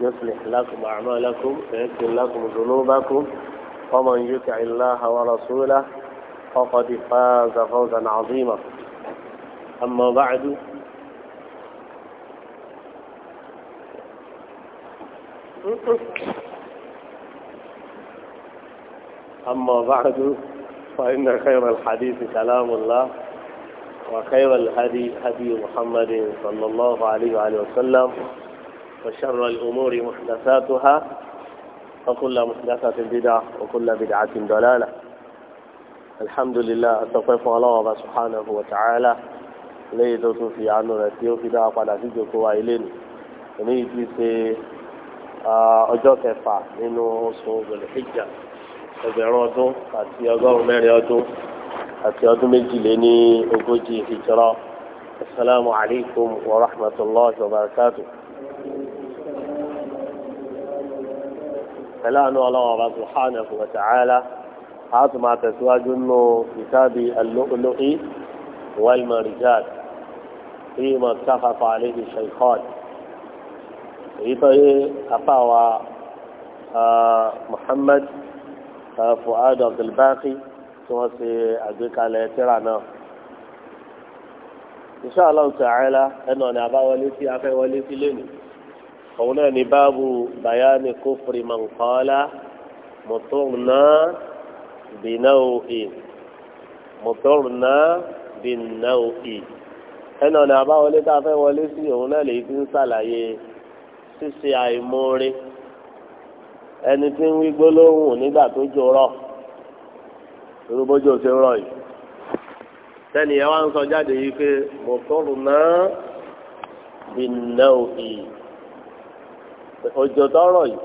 يصلح لكم أعمالكم ويكفر لكم ذنوبكم ومن يطع الله ورسوله فقد فاز فوزا عظيما أما بعد أما بعد فإن خير الحديث كلام الله وخير الهدي هدي محمد صلى الله عليه وآله وسلم وشر الأمور محدثاتها وكل محدثة بدعة وكل بدعة ضلالة الحمد لله أتوقف الله سبحانه وتعالى léyìí tó tún fi àánú rẹ̀ tí ó fi dára padà sí ìjókòó wa ilé nù èmi ti ṣe ọjọ́ kẹfà nínú oṣù gbèlèkìjà ẹgbẹ̀rún ọdún àti ọgọ́rùn mẹ́rin ọdún àti ọdún méjìlé ní ogójì hijra asalaamu alaykum wa rahmatulahi wa barakatuh. pẹ̀lú àánú ọlọ́wọ́ bá subhanahu wa ta'ala a tún máa tẹ̀síwájú nínú kitabi al-lu'lu'i wal marjan fi ma tafafa alayhi shaykhan èyí tó yé afáwa muhammad fuad abdulbaqi tí wọ́n ṣe àgbékalẹ̀ tírà náà insha Allah ta'ala ẹnu a fẹ́ wọlé sí lénìí òun náà ní báàbù bayani kófìrí mọ̀nkọ́lá mọ̀tòrùnà bìnnáwòì mọ̀tòrùnà bìnnáwòì ẹnà ọ̀nà àbáwọlé tá a fẹ́ wọlé sí òun náà lèyí tí ń ṣàlàyé ṣíṣe àìmoore ẹni tí ń wí gbólóhùn nígbà tó jò rọ̀ torúbójú ṣe rọ̀ yìí sẹ́ni ẹ wá ń sọ jáde yìí pé mọ̀tòrùnà bìnnáwòì òjò tọrọ yìí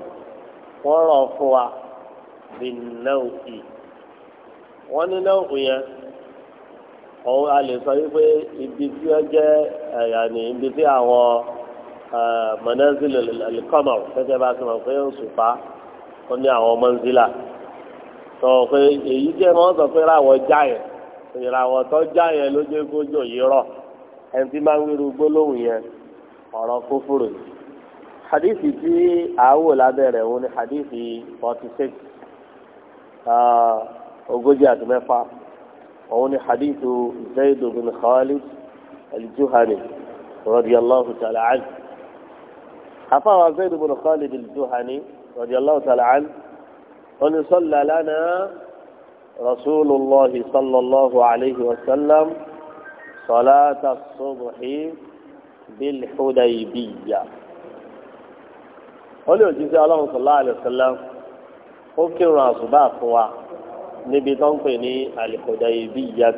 wọ́n rọ̀ fún wa bí náà ì wọ́n ní náà ì yẹn òun a lè sọ wípé ibi tí ó jẹ́ ẹ̀yà ní ibi tí àwọn mọ̀nẹ́sìlì alikọ́mọ̀ gẹ́gẹ́ bá ti mọ̀ pé òṣùpá ó ní àwọn mọ̀nsílà sọ pé èyí jẹ́ wọ́n sọ pé ráwọ̀ já yẹn ìràwọ̀ tó já yẹn ló jẹ́ kójò yìí rọ̀ ẹni tí máa ń wíru gbólóhùn yẹn ọ̀rọ̀ kófòrò yìí hadithi tí àwò lábẹ́rẹ̀ òun ni hadithi forty six ogójì àti mẹ́fà òun ni hadithu zayd bin khalid al-juhani radiyallahu ta'ala anhu afawa zayd bin khalid al-juhani radiyallahu ta'ala anhu òun ni sọ́lá lánàá rasulillah sallallahu alayhi wa sallam salata subuhi bil hudaybiyah. ó lè òjíṣẹ́ ọlọ́run sallallahu alaihi wasallam ó kírun àsùbá fún wa níbi tó ń pè ní al-Hudaybiyyah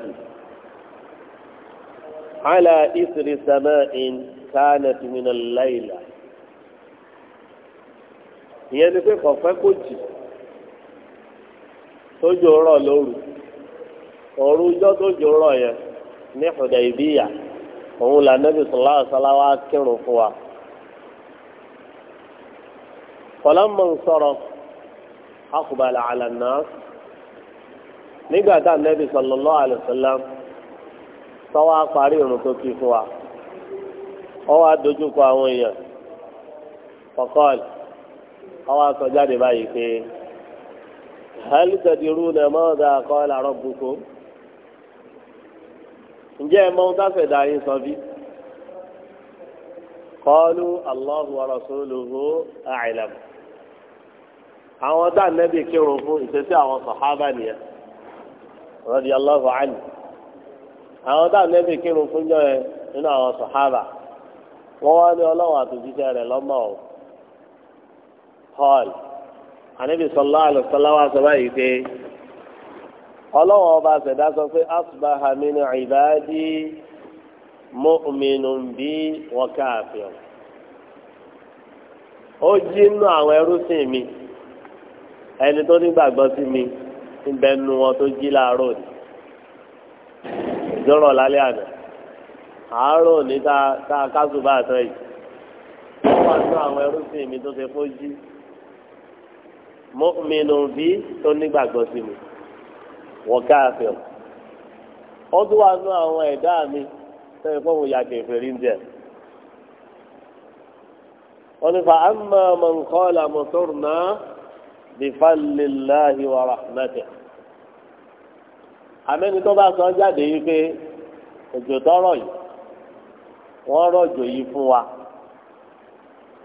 ni pé kọ̀ọ̀fẹ́ kò jì tójú rọ̀ lóru òru ijọ́ tójú rọ̀ yẹn ní Hudaybiyyah òun là Nabi kírun fún falamma nsaraf aqbala ala an-nas nígbà tá nẹ́bí sallallahu alaihi wasallam tọ́wọ́ parí irun tó kí fún wa ọwọ́ adójúkọ àwọn èèyàn faqal ọwọ́ sọ jáde báyìí pé hal tadiruna madha qala àwọn tá nẹ́bì kírun fún ìṣesí àwọn sàhábà nìyẹn radiyallahu anhu àwọn tá nẹ́bì kírun fún jọ yẹn nínú àwọn sàhábà wọ́n wá ní ọlọ́wọ́ àtòjíṣẹ́ rẹ̀ lọ́mọ o hall ànábì sallallahu alaihi wasallam sọ báyìí pé ọlọ́wọ́ ọba ṣẹ̀dá sọ pé ibadi o jí àwọn ẹrú ẹni tó nígbàgbọ́ sí mi níbẹ̀ nu wọn tó jí láàárọ̀ ni ìjọ́rọ̀ lálẹ́ àná àárọ̀ ní tá a kásù bá àtọ́ yìí wọ́n wá sí àwọn ẹrúsìn mi tó ṣe kó jí mọ́mìnú bí tó nígbàgbọ́ sí mi wọ́n káàfẹ́ ọ́ tó wá nú àwọn ẹ̀dá mi tó yẹ fóun ya kẹfẹ́ rí ń jẹ́ wọ́n ní fa àmọ́ mọ̀ nǹkan ọ̀la mọ̀ sọ̀rọ̀ náà. بفضل الله rahmatẹ amẹni tó bá sọ jáde yìí pé òjò tọrọ yìí wọn rọ̀jò yìí fún wa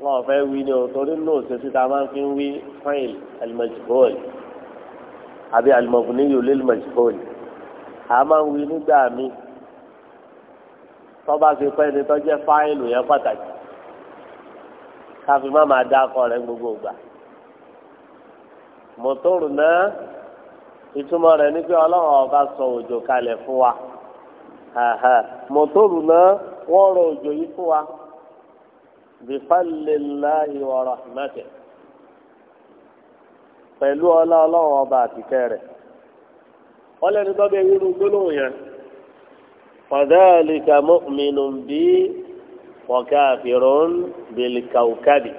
wọn fẹ́ wí ni o torí náà ṣètò tá a máa fi ń wí fain alimajibol àbí alimọbùnìyò lẹlimajibol a máa ń wí nígbà mi tó bá ṣe pẹ́ ni tó jẹ́ fáìlù yẹn pàtàkì káfí má máa dá akọ rẹ gbogbo ìgbà mọ̀tòrò náà ìtumọ̀ rẹ̀ ní pé ọlọ́run ọba sọ òjò kalẹ̀ fún wa mọ̀tòrò náà wọ́n rọ òjò yìí fún wa bifallilahi wa rahmatẹ pẹ̀lú ọlá ọlọ́run ọba àtìkẹ́ rẹ̀ wọ́n lẹ́nu tó bẹ irú gbólóhùn yẹn fadhalika mu'minun bi wa kafirun bil kawkabi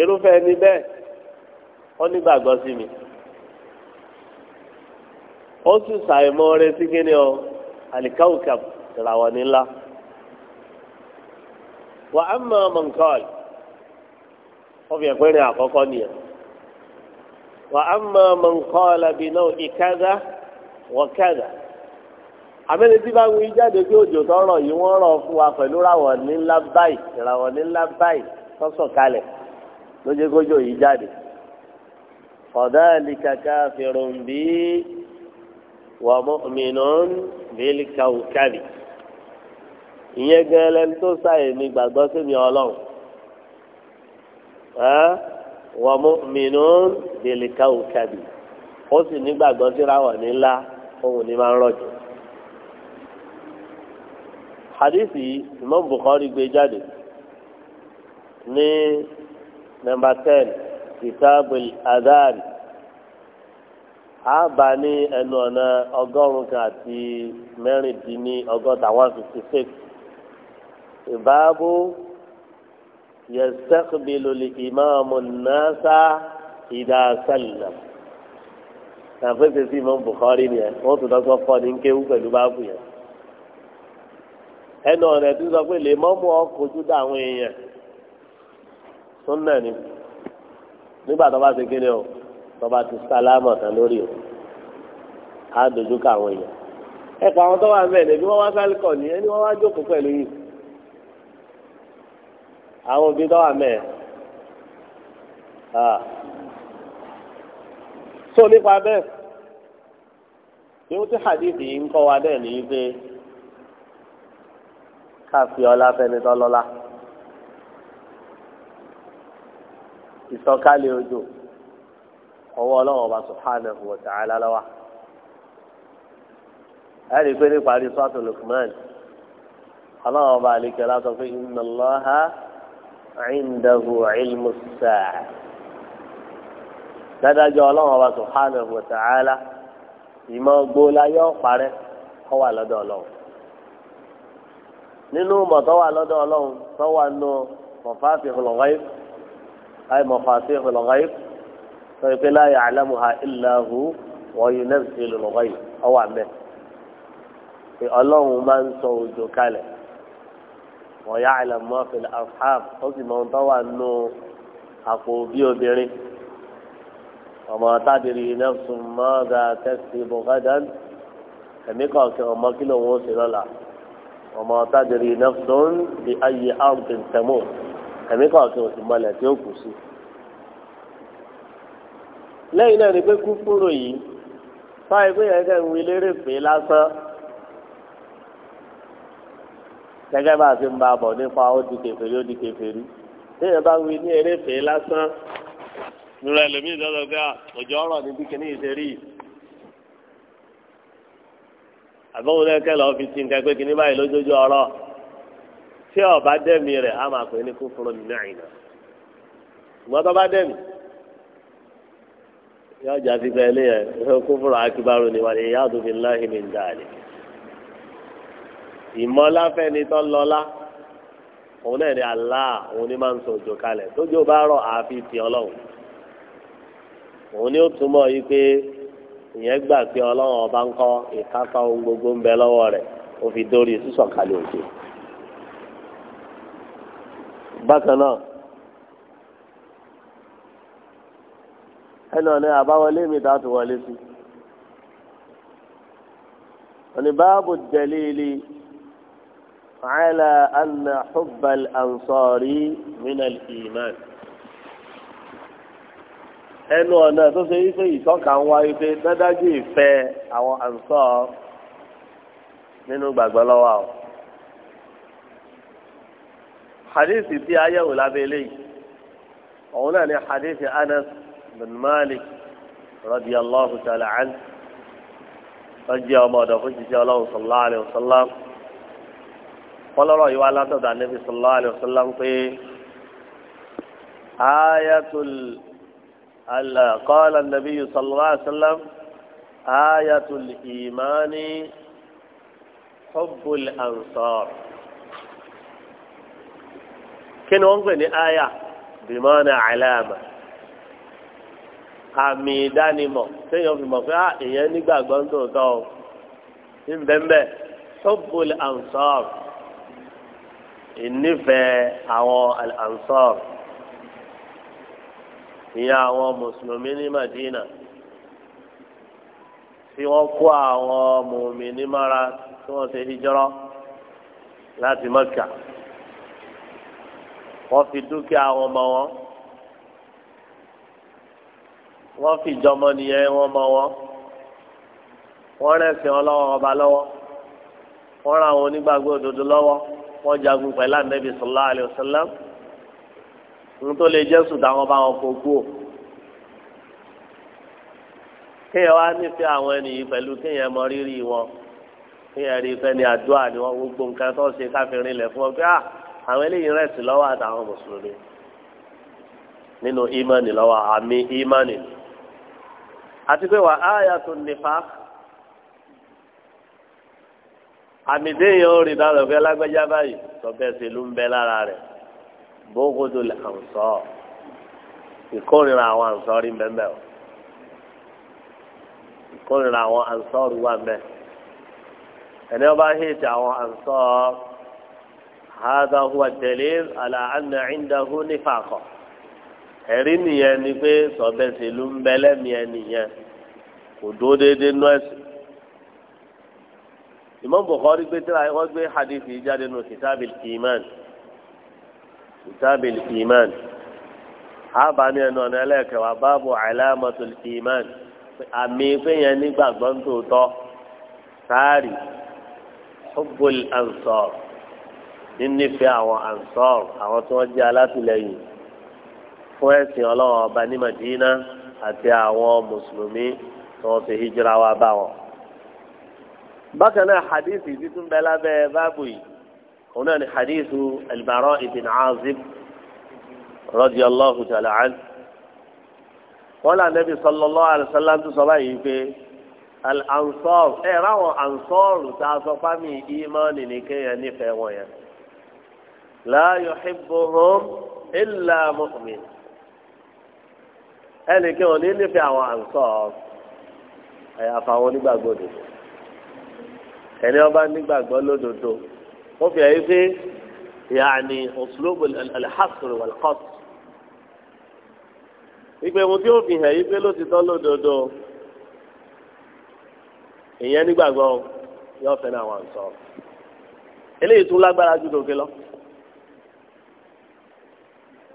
irúfẹ́ ni bẹ́ẹ̀. ó nígbàgbọ́ sí mi ó sì ṣàìmọ̀ rẹ sí kíni ọ àlìkáwùkà ìràwọ̀ nílá wà á mọ mọ̀nkọ́ọ̀lì ó fi ẹ̀pẹ́ rìn àkọ́kọ́ nìyẹn wà á mọ mọ̀nkọ́ọ̀lì àbínú ìkádà wọ̀kádà àmẹ́ni tí bá wí jáde pé òjò tọrọ yìí wọ́n fún wa pẹ̀lú ràwọ̀ fadhalika kafirun bi wa mu'minun bil kawkabi ìyẹn gan lẹni tó sáyè ní gbàgbọ́ sí mi ọlọ́run wa mu'minun bil kawkabi ó sì ní gbàgbọ́ síra wọ̀ nílá òun ni máa ń rọ̀jò hadithi imam bukhari gbé jáde ní nọ́mbà ten kìtàbù adán àbá ní ẹnu ọ̀nà ọgọ́rùn-ún kan àti mẹ́rìndínní ọgọ́ta one fifty six ìbáàbò yẹsẹ́kùbìlù ìmáàmù nàásà ìdásálìlà àfẹsẹ̀ sí ìmọ̀ Bukhari ni ẹ̀ wọ́n tún dọ́gbọ́n fọ́ ní kéwú pẹ̀lú báàbù yẹn ẹnu ọ̀nà ẹ̀ tún sọ pé lè mọ́mú ọkọ̀ ojú dá èèyàn tó ń nà nígbà tó bá ti kéde o tó bá ti sálámọ̀ tán lórí o á dojú ká àwọn èèyàn ẹ pa àwọn tó wà mẹ́rin bí wọ́n wá sáré kọ̀ ní ẹni wọ́n wá jókòó pẹ̀lú yìí àwọn òbí tó wà mẹ́rin ah. so nípa bẹ́ẹ̀ ihun tí hadith yìí ń kọ́ wa dẹ́ nìyí pé ká fi ọlá ìsọ̀kalẹ̀ òjò ọwọ́ ọlọ́wọ́ ọba subhanahu wa ta'ala lọ́wọ́ ẹ̀rí pé níparí sọ́ọ̀tù Luqman ọlọ́wọ́ ọba àlekè látọ̀ pé inna Allaha indahu ilmu sáà dádájọ́ ọlọ́wọ́ ọba subhanahu wa ta'ala ìmọ̀ gbóòlá yóò parẹ́ ọ wà lọ́dọ̀ ọlọ́wọ́ nínú mọ̀tọ́ lọ́dọ̀ ọlọ́wọ́ tọ́wọ́ nù mọ̀fáàfin ọlọ́wọ́ yìí. أي مفاتيح الغيب فيقول لا يعلمها إلا هو وينزل الغيب أو عمه الله من سوجو كاله ويعلم ما في الأصحاب قصدي من طوى أنه أقول بيو بيري وما تدري نفس ماذا تكسب غدا ẹ̀mí kọ̀ọ̀kan ọmọ kí lòun ó ṣe lọ́la ọmọ ẹ̀mí kọ̀ọ̀kan òsì mọlẹ̀ tí ó kù sí. lẹ́yìn náà ni pé kúkúrò yìí fáyé pé yẹn kẹ́ ń wí lérè pé lásán gẹ́gẹ́ bá a ti ń bá a bọ̀ nípa ó di kèfèrí ó di kèfèrí téèyàn bá wí ní eré fèé lásán nira ẹlòmíì lọ́dọ̀ gbà òjò ọ̀rọ̀ níbi kíní ìṣerí àbẹ̀wò lẹ́kẹ́ lọ́ọ́ fi ti nǹkan pé kíní báyìí lójoojó ọ̀rọ̀. tí ọba dẹ́mi rẹ̀ a máa pè ní kúfúrú mìíràn ṣùgbọ́n tó bá dẹ́mi yóò jà sí pé yẹn kúfúrú akíbarú ni wà ní ìyá àdúgbò ńlá ìmọ̀lá fẹ́ni tó lọ́lá òun náà ni Allah òun ni máa ń sọ òjò kalẹ̀ bá rọ̀ àfi ti ni ó túmọ̀ yìí pé pé ọlọ́run ọba ń kọ́ fi dórí sísọ̀kalẹ̀ bákan náà ẹnu ọ̀nà àbáwọlé mi tá a tún wọlé sí ọ̀nà báàbù jẹ̀líìlì ala anna hubbal ansari minal iman ẹnu ọ̀nà tó ṣe wípé ìtọ́ka ń wá wípé dádájú ìfẹ́ àwọn ansar nínú gbàgbọ́ lọ́wọ́ àwọn hadithi tí a yẹ̀wò lábẹ́ eléyìí òun náà ni hadithi anas bin malik radiyallahu ta'ala anhu lọ́jọ́ ọmọ ọ̀dọ̀ fún jíjẹ́ ọlọ́run sallallahu alayhi wa sallam kọlọ́rọ̀ yìí wá látọ̀dọ̀ anabi sallallahu alayhi wa sallam pé ayatul qala an-nabi sallallahu alayhi wa sallam ayatul imani hubbul ansar. kí wọn ń pè ní aya bimana alama àmì ìdánimọ̀ téèyàn fi mọ̀ pé èèyàn ah, nígbàgbọ́ ń tòótọ́ o nbẹ́nbẹ́ sọ́bùl ansar ìnífẹ̀ẹ́ àwọn ansar ìyẹn àwọn mùsùlùmí ní Madina tí wọ́n kó àwọn mùmí ní mara tí wọ́n ṣe hijrọ́ láti wọ́n fi dúkìá wọn mọ wọn wọ́n fi jọmọ nìyẹn wọn mọ wọn wọ́n rẹ̀sìn ọlọ́wọ́ ọba lọ́wọ́ wọ́n ra àwọn onígbàgbọ́ òdodo lọ́wọ́ wọ́n jagun pẹ̀lú ànábì sallallahu alaihi wasallam ń tó lè jésù táwọn bá wọn kó kú o kéèyàn wá nífẹ̀ẹ́ àwọn ènìyàn pẹ̀lú kéèyàn mọ rírì wọn kéèyàn rí i ní àdúrà ni wọ́n gbogbo nǹkan tó ṣe káfíńrin lẹ̀ fún ọ pé ah àwọn eléyìí rẹ̀sì lọ́wọ́ àtàwọn mùsùlùmí nínú ìmánì lọ́wọ́ àmì ìmánì ni àti pé wà áyà tó nípa àmì déèyàn ó rí dáná fẹ́ lágbájá báyìí tọ́pẹ́ sí ló ń bẹ lára rẹ̀ bókòtò lè hàn sọ ìkórìíra àwọn ànsọ́rí mbẹ́mbẹ́ o ìkórìíra àwọn ànsọ́rí wà mbẹ́ ẹni ọba hẹ́ẹ̀tì àwọn ànsọ́rí. هذا هو الدليل على أن عنده نفاقا ẹ̀rí nìyẹn ni pé sọ̀bẹ̀sẹ̀ ló ń bẹ lẹ́mìíyẹn nìyẹn kò dúró déédéé nú ẹ̀sìn. Imam Bukhari gbé tíra wọ́n gbé hadithi jáde nù kitabil iman kitabil iman ábàánu ẹnu ọ̀nà ẹlẹ́kẹ̀wá báàbò alamatul iman àmì péyẹn nígbàgbọ́ ń tòótọ́ sáárì hubbul ansar nínífẹ̀ẹ́ àwọn ansar àwọn tí wọ́n jẹ́ alátìlẹ́yìn fún ẹ̀sìn ọlọ́wọ́n ọba ní Madina àti àwọn mùsùlùmí tí wọ́n fi hijira wá bá wọn. bákan náà hadithi títún bẹ lábẹ́ báàbù yìí òun náà ni hadithu al-Bara ibn Azib radiyallahu ta'ala anhu. wọ́n là nẹ́bi sallallahu alaihi wasallam tó sọ báyìí pé al-ansar ráwọn ansar tá a sọ fámì ìmánì ní kéèyàn nífẹ̀ẹ́ wọn yẹn la yuhibbuhum illa mu'min ẹnìkan ò ní nífẹ̀ẹ́ àwọn àǹsọ̀ àyàfà àwọn onígbàgbọ́ òdodo ẹni ọba nígbàgbọ́ lódodo ó fi ẹ̀yí pé yàní òṣùlógbò alḥasr wàlkọ́t ìgbẹ́ mu tí ó fi hàn yí pé ló ti tọ́ lódodo ìyẹn nígbàgbọ́ yóò fẹ́ náà wà ń sọ eléyìí tún lágbára ju tòkè lọ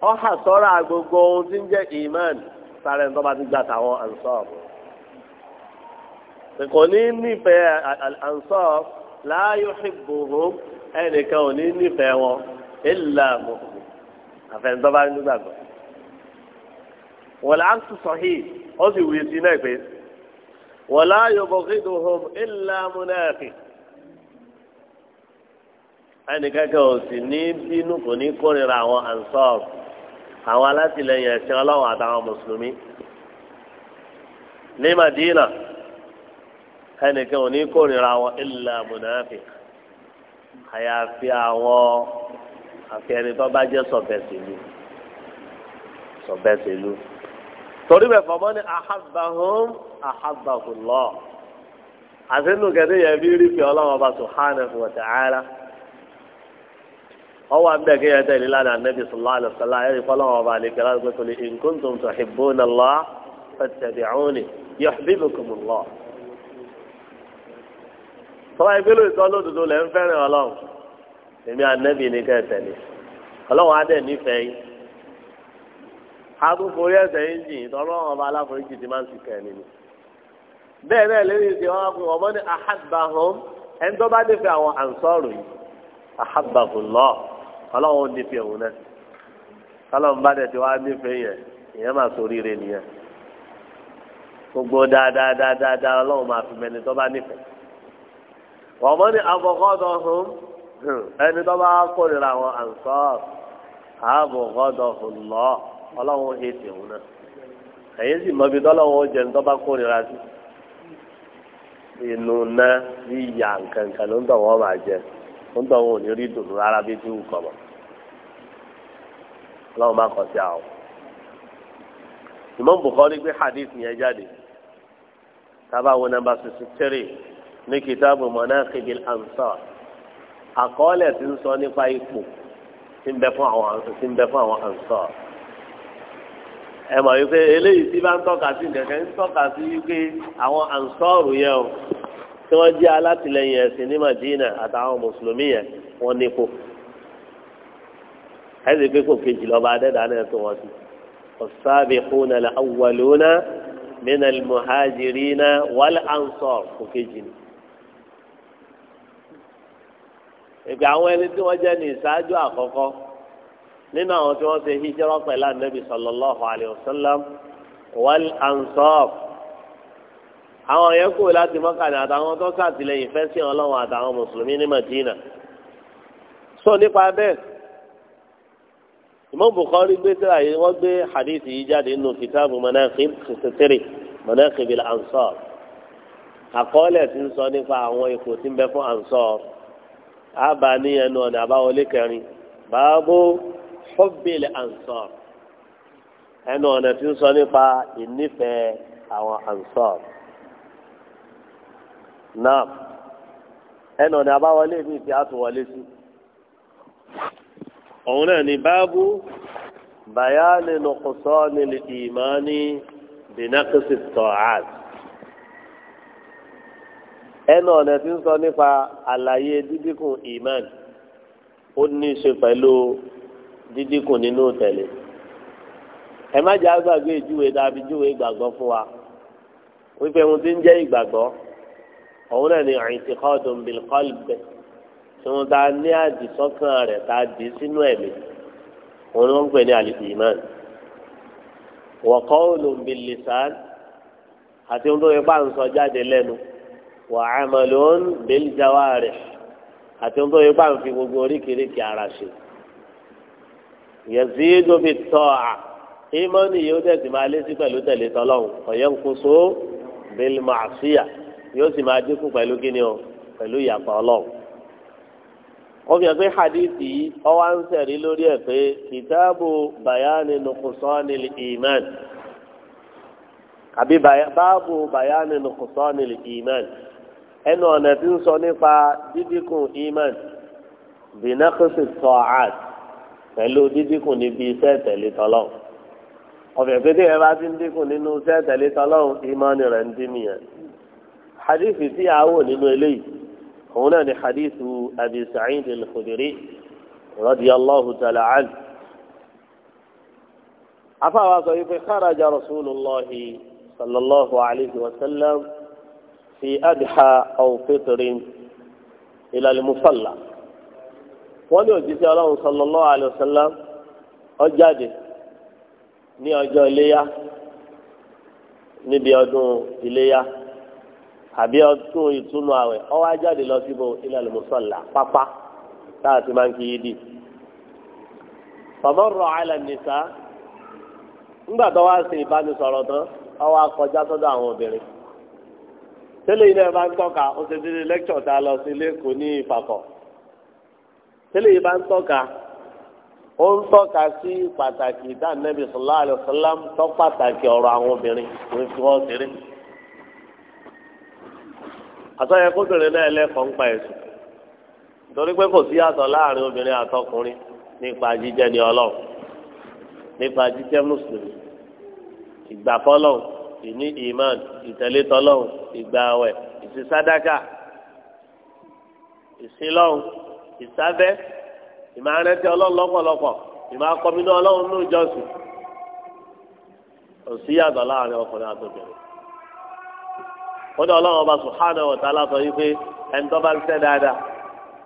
ọ̀hà sọ́ra gbogbo ohun tí ń jẹ́ iman sáré nítorí wọn ti gbà táwọn ansọ́ọ̀ kò ní nífẹ̀ẹ́ ansọ́ọ̀ láàyò ìbòho ẹnìkan ò ní nífẹ̀ẹ́ wọn ìlà mọ̀kù àfẹnudọ́ba nígbàgbọ́. wọ́n láǹtù sọ̀hí ó sì wuyì sí náà pé wọ́n láàyò bọ̀kìdòho ìlà múnáàfì. ẹnìkan kan ò sì ní bínú kò ní kórìíra àwọn ansọ́ọ̀ àwọn alátìlẹyìn ẹ̀sìn ọlọ́run àtàwọn mùsùlùmí ní Madina ẹnìkan ò ní kórìíra wọn illa munafik àyàfi àwọn àfi ẹni tó bá jẹ́ sọ̀bẹ̀sìlú sọ̀bẹ̀sìlú torí bẹ̀ fọmọ́ ni ahabbahum ahabbahullah àti nùkẹ́ ní bí rí fi ọlọ́run ọba subhanahu wa ta'ala ọwọ́ abẹ́ kí ẹ tẹ̀lé lánàá nẹ́bí sallallahu alaihi wasallam ẹ̀rí fọlọ́wọ́ ọba àlekè lásìkò tó lè in kuntum tuhibbuna Allah fattabi'uni yuhibbukum Allah. tọ́wọ́ ìgbélé ìtọ́ lódodo lẹ́ ń fẹ́ràn ọlọ́run èmi ànẹ́bí ni kẹ́ tẹ̀lé ọlọ́run adẹ́ nífẹ̀ẹ́ yín. agbóforí ẹsẹ̀ yín jìn tọ́lọ́run ọba aláforíjì ti máa ń sìkẹ́ ni ni. bẹ́ẹ̀ náà lẹ́yìn ìsìn wọn ọlọ́run nífẹ̀ẹ́ òun náà kọ́lọ́run bá dẹ̀ ti wá nífẹ̀ẹ́ yẹn ìyẹn máa sórí rẹ nìyẹn gbogbo dáadáa dáadáa ọlọ́run máa fi mẹ́ni tó nífẹ̀ẹ́ wọ́n mọ́ ní abọ́kọ́dọ̀ hùn ẹni àwọn hùn lọ ọlọ́run òun náà ẹ̀yìn sì bí tọ́lọ́run jẹ́ ní sí inú náà nǹkan nǹkan ló ń tọ̀ wọ́n máa jẹ ń tọ̀ wọn ò ní rí dùnú rárá bí ọlọ́run bá kọ́ sí àwọn. Imam Bukhari gbé hadith yẹn jáde tábà wo nàmbà sixty three ní kitabu manaqib al-ansar àkọọ́lẹ̀ tí ń sọ nípa ipò tí ń bẹ fún àwọn tí ẹ mọ̀ wípé eléyìí tí bá ń tọ́ka sí kẹ̀kẹ́ ń tọ́ka sí wípé àwọn ansọ́ọ̀rù yẹn o tí wọ́n jẹ́ alátìlẹyìn ẹ̀sìn ní Madina àtàwọn mùsùlùmí yẹn wọ́n nípò ẹsẹ pé kò kejì lọ́ba adẹ́dàá náà tó wọn sí. السابقون الأولون من المهاجرين والأنصار kò kejì ni. ìgbà àwọn ẹni tí wọ́n jẹ́ ní ìṣáájú àkọ́kọ́ nínú àwọn tí wọ́n ṣe hijira pẹ̀lú anabi sallallahu alayhi wa sallam wal ansar àwọn yẹn kú láti mọ́kànlá àtàwọn tó ṣàtìlẹ́yìn fẹ́ sí ọlọ́run àtàwọn mùsùlùmí ní madina. sọ nípa bẹ́ẹ̀. Imam Bukhari gbé síra yìí wọ́n gbé hadith yìí jáde nínú kitabu manaqib sitiri manaqib il ansar àkọọ́lẹ̀ tí ń sọ nípa àwọn ipò tí ń bẹ fún ansar àbá ní ẹnu ọ̀nà àbáwọlé kẹrin báàbò hubbil ansar ẹnu ọ̀nà tí ń sọ nípa ìnífẹ̀ẹ́ àwọn ansar náà ẹnu ọ̀nà àbáwọlé mi ti àtúwọlé sí òun náà ní báàbù bàyáni nùkùsọ́ nílì ìmánì bìnákìsì tọ́hát ẹnu ọ̀nà tí ń sọ nípa àlàyé dídínkù ìmánì ó ní í ṣe pẹ̀lú dídínkù nínú tẹ̀lé ẹ má jẹ́ àgbàgbé ìjúwe dàbí ìjúwe ìgbàgbọ́ fún wa wípé ohun tí ń jẹ́ ìgbàgbọ́ òun náà ní i'tiqadun bil qalbi bẹ́ẹ̀ ìwọ̀n tá a ní àdìsọ́kàn rẹ̀ tá a dì sínú ẹ̀mí òun ló ń pè ní al-iman wa qawlun bil-lisan àti ohun tó yẹ pa ń sọ jáde lẹ́nu wa amalun bil-jawarih àti ohun tó yẹ pa ń fi gbogbo oríkèéríkèé ara ṣe yazidu bit-ta'a ìmọ̀nì yìí ó dẹ̀ sì máa lé sí pẹ̀lú tẹ̀lé tọ́lọ́hùn ọ̀yẹ́nkoso bil-ma'siyah yóò sì máa dínkù pẹ̀lú kíni o pẹ̀lú ìyàpá ọlọ́run wọ́n fi hàn pé hadithi yìí ọwọ́ ń sẹ̀rí lórí ẹ̀ pé kìtáàbù bayani nukusani iman àbí báàbù bayani nukusani iman ẹnu ọ̀nà tí ń sọ nípa dídínkù iman bìnàkùsì sọ̀ọ́àt pẹ̀lú dídínkù níbi iṣẹ́ tẹ̀lé tọ́lọ́ wọ́n fi ẹ bá ti ń dínkù nínú iṣẹ́ tẹ̀lé tọ́lọ́ iman rẹ̀ ń dín nìyẹn hadithi tí a wò nínú eléyìí òun náà ni hadithu abi sa'id al-khudiri radiyallahu ta'ala an. afáwa sọ wípé kharaja rasulullahi sallallahu alayhi wa sallam fi adha aw fitrin ila al-musalla wọ́n ní òjíṣẹ́ ọlọ́run sallallahu alayhi wa sallam ó ní ọjọ́ iléyá níbi ọdún iléyá. àbí otu ìtúnu àwẹ̀ ọwọ́ ajáde lọ síbo ilal musalla pápá táà ti máa ń kí dì. fọmọ́rọ̀ àìlẹ̀ nìta ńgbà tó wá sí ìbánisọ̀rọ̀ tán ọwọ́ akọjá sọ́dọ̀ àwọn obìnrin. tẹ́lẹ̀ ilé bá ń tọ́ka ó ti di lẹ́kṣọ̀ tá a lọ sí lẹ́kọ̀ọ́ ní ìfàkọ̀. tẹ́lẹ̀ yìí bá ń tọ́ka ó ń pàtàkì ìdánilẹ́bí pàtàkì ọ̀rọ̀ àwọn obìnrin kò fi wọ́n àtọ́yẹ kóbìnrin náà ẹlẹ́kọ̀ọ́ ń pa ẹ̀sùn torí pé kò sí àtọ̀ láàrin obìnrin àtọkùnrin nípa jíjẹ́ ni ọlọ́run nípa jíjẹ́ mùsùlùmí ìgbàfọ́lọ́run ìní ìmán ìtẹ̀létọ́lọ́run ìgbàwẹ̀ ìsísádákà ìsílọ́run ìsábẹ́ ìmárẹ́tẹ́ ọlọ́run lọ́pọ̀lọpọ̀ ìmákọ́mínú ọlọ́run ní ìjọsìn kò sí àtọ̀ láàrin ọkùnrin àtọkùnrin kódà ọlọ́run ọba subhanahu wa ta'ala sọ yìí pé ẹni tó bá ń ṣe dáadáa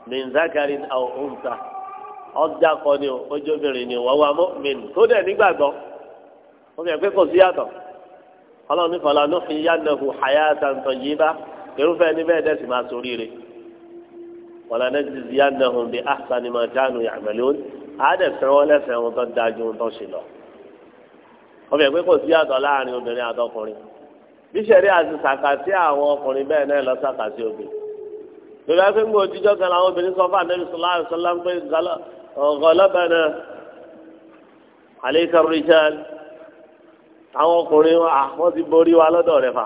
min zakarin aw unsa ọjà kọ ni o ojóbìnrin ni wọ́n wà mu'min tó dẹ̀ nígbàgbọ́ ó fi hàn pé kò sí yàtọ̀ ọlọ́run nífọ̀ọ́ la nuhyiyannahu hayatan tayyiba irúfẹ́ ní bẹ́ẹ̀ dẹ́sì máa sórí rẹ̀ wọ́n lọ́nà ti di yannahum bi ahsani ma kanu ya'malun àádẹ́sẹ̀ lẹ́sẹ̀ bíṣẹ̀rí àti sàkàtì àwọn ọkùnrin bẹ́ẹ̀ náà lọ sàkàtì obì lórí afẹ́ ń gbọ́ òjíjọ́ kan làwọn obìnrin sọ fún anabi sọlá àṣọlá ń pè ọ̀gọ́lọ́bẹ̀nà àlékà rìṣẹ́l àwọn ọkùnrin ah, wọ́n ti borí wa lọ́dọ̀ rẹ̀ fà.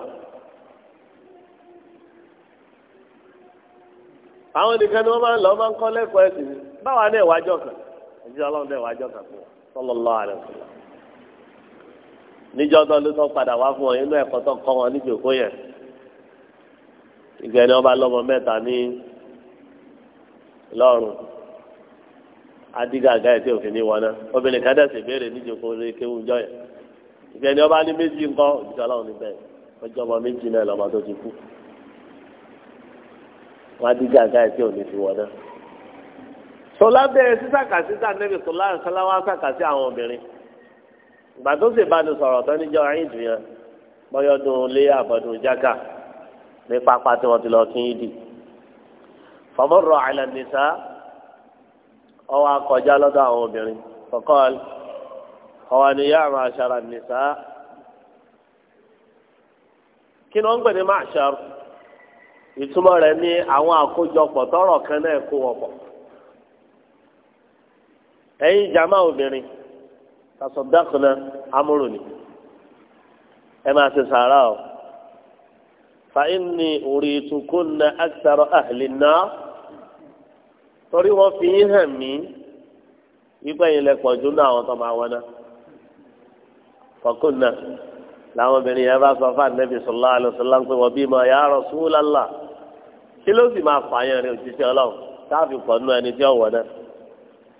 àwọn nìkan ni wọ́n máa ń lọ máa ń kọ́ lẹ́kọ̀ọ́ ẹ̀sìn báwa náà wájọ́ kan ẹ̀jẹ̀ ọlọ́run náà wájọ́ kan fún wa sọlọ́lá àlẹ́ níjọ́ tó ló tó padà wá fún ọ inú ẹ̀kọ́ tó kọ́ wọn níjòkó yẹn ìgbẹ́ni ọba lọ́mọ mẹ́ta ní lọ́rùn adigaga ẹ̀ tí òfin ní wọn náà obìnrin kan dẹ̀ sì béèrè níjòkó lórí kéwù jọ yẹn ìgbẹ́ni ọba ní méjì ńkọ́ òjijì ọlọ́run níbẹ̀ ọjọ́ ọmọ méjì náà lọ́mọ tó ti kú wọn adigaga ẹ̀ tí òfin ní wọn náà sọlá bẹ́ẹ̀ sísàkàsísà nẹ́bí sọlá ìsọlá wa sàkàsí àwọn obìnrin ìgbà tó sì bá ní sọ̀rọ̀ tán níjọ́ ayé ìdù yẹn bọ́yọ́dún lé àbọ̀dún jágà ní pápá tí wọ́n ti lọ kí yín dì fọmọ́rọ̀ àìlànìṣá ọwọ́ akọjá lọ́dọ̀ àwọn obìnrin kọ̀kọ́ọ̀lù ọwọ́ àníyá àwọn aṣara nìṣá kí ni wọ́n ń pè ní máṣar ìtumọ̀ rẹ̀ ní àwọn àkójọpọ̀ tọ́rọ̀ kan náà kó wọ́pọ̀ ẹ̀yin jama obìnrin tasadaqna amúrò ni ẹ máa ṣe sàárà o fa inni uritu kunna akthara ahli an-nar torí wọ́n fi yín hàn mí wípé yín lẹ pọ̀jù náà àwọn tó máa wọná fọkùnà làwọn obìnrin yẹn bá sọ fún anabi sallallahu alaihi wasallam pé wọ́n bímọ ya Rasulullah kí ló sì máa fààyàn rẹ òjíṣẹ́ ọlọ́run táàfin pọ̀ nù ẹni tí ó wọ̀ náà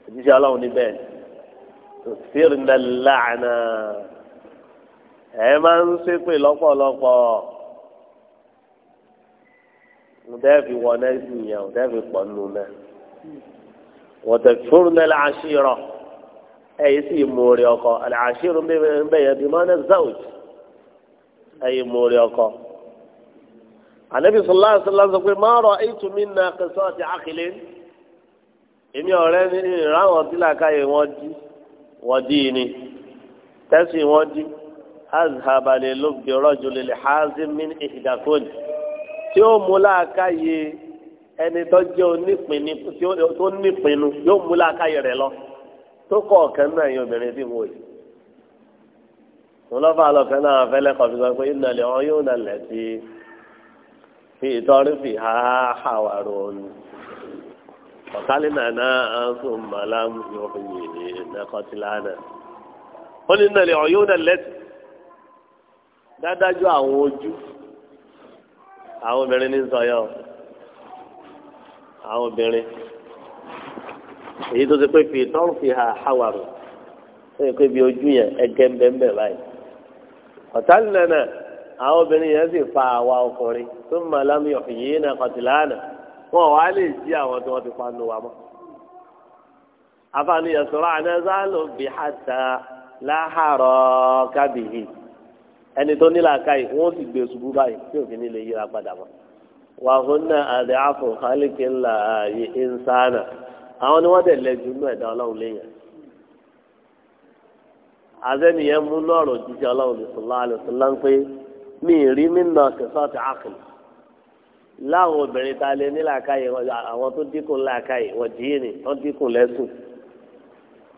òjíṣẹ́ ọlọ́run ni. sírìnà ẹ máa ń ṣépè lọ́pọ̀lọpọ̀ ǹdẹ́ẹ̀fì wọ náà sì ya ǹdẹ́ẹ̀fì pọ̀ nù náà wọ́n tẹ̀ fúrúnà làásìrọ̀ ẹ yìí sì mórí ọkọ àlàásìrò ń bẹ̀ yẹn bí mọ́nà zawj ẹ yìí ọkọ. Ànábì sọlá sọlá sọ pé máa rọ ètò mi kẹsàn-án ti wọn wọ́n dí i ni tẹ́sí wọ́n dí azabalẹ̀ ló bí rọ́jò lè hazi min ìdàkọ́ni tí ó mú láàkáyé ẹni tó jẹ́ onípinnu tó nípinnu yóò mú láàkáyé rẹ̀ lọ tó kọ́ ọ̀kan náà yẹn obìnrin bí mo yìí mọlọfà lọkàn náà fẹlẹ kọfí sọ pé ìnàlẹ ọ yóò nà lẹsí fi ìtọrí fi ha hàwárò ni. ọ̀kálínà náà ansom malam yọ̀ọ̀yẹ̀ nẹ́kọ́tìlánà ó ní nàlẹ́ ọ̀yọ́ náà lẹ́tì dádájọ́ àwọn ojú àwọn obìnrin ní sọyọ́ àwọn obìnrin èyí tó ti fi tọ́rù fi hà háwàrù ó yẹ pé bí ojú yẹn ẹgẹ́ ń bẹ́ ń fa àwa ọkùnrin tó malam wọn wàá lè jí àwọn tí wọ́n ti pa nù wa mọ́. afaani yasọrọ anaza ló bi hàtà láhàrọ kábìyì ẹni tó nílà káyì wọn sì gbé ṣubú báyìí tí òfin nílé yíra padà mọ́. wà fún náà àdé àfọ kálíkì ńlá yìí ìnsáná àwọn ni wọ́n dẹ̀ lẹ́jú inú ẹ̀dá ọlọ́run léyìn azẹniyẹ mú lọrọ jíjẹ ọlọ́run lè sọlá lè sọlá pé mi rí mi nà kẹsàn-án ti láwọn obìnrin ta lé nílàkàyè àwọn tó dínkù nílàkàyè wọ́n jíì ni wọ́n dínkù lẹ́sùn.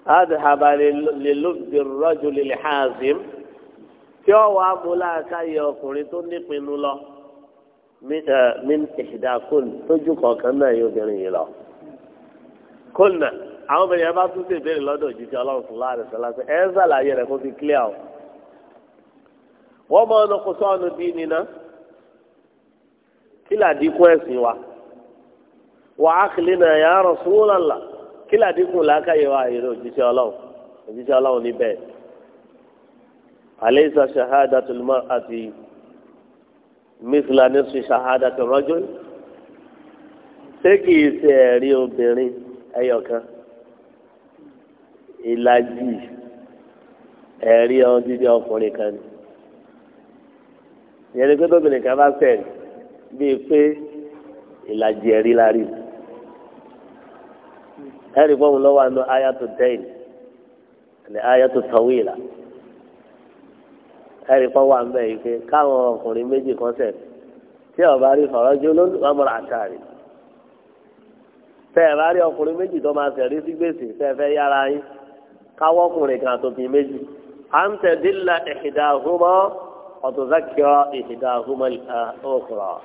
adhaba lè lóbi rọ́jò lè hàzìm tí ó wàá mú láàkàyè ọkùnrin tó nípinnu lọ min ìdàkùn tójú kọ̀ọ̀kan náà yóò bẹ̀rẹ̀ yìí lọ. kólnà àwọn obìnrin yẹn bá tún ṣe ìbéèrè lọ́dọ̀ òjijì ọlọ́run fún láàrin sọlá ẹ ń ṣàlàyé rẹ̀ kó fi clear o. wọ́n mọ ọ̀nà kó sọ́ọ̀nù dín nínú kí làdínkù ẹ̀sìn wa wà á kìlì náà yà á rọ̀ sùwọ́lọ́lá kí làdínkù làákàyè wa èrè òjíṣẹ́ ọlọ́run òjíṣẹ́ ọlọ́run níbẹ̀ àlẹ́sà shahadatul mar'ati mísìlá nisfi shahadatul rajul ṣé kìí ṣe ẹ̀rí obìnrin ẹyọkan ìlàjì ẹ̀rí ọdún jíjẹ ọkùnrin kan ni bá sẹ́ẹ̀rì bíi pé ìlàjì ẹ̀rí la rí ẹ̀rí fọ́ọ̀mù lọ́wọ́ àná ayatu dain ní ayatu tawila ẹ̀rí fọ́ọ̀mù wà mẹ́ yìí pé káwọn ọkùnrin méjì kan sẹ̀ tí ọba rí fọ̀rọ̀jú lónìí wọn mọ̀ra àtàrí tẹ́ ẹ̀ bá rí ọkùnrin méjì tó máa sẹ̀rí sí gbèsè tẹ́ ẹ fẹ́ yára yín káwọ́ ọkùnrin kan àtòbí méjì à ń tẹ̀dí la ìhìdá àhúmọ́ ọ̀tún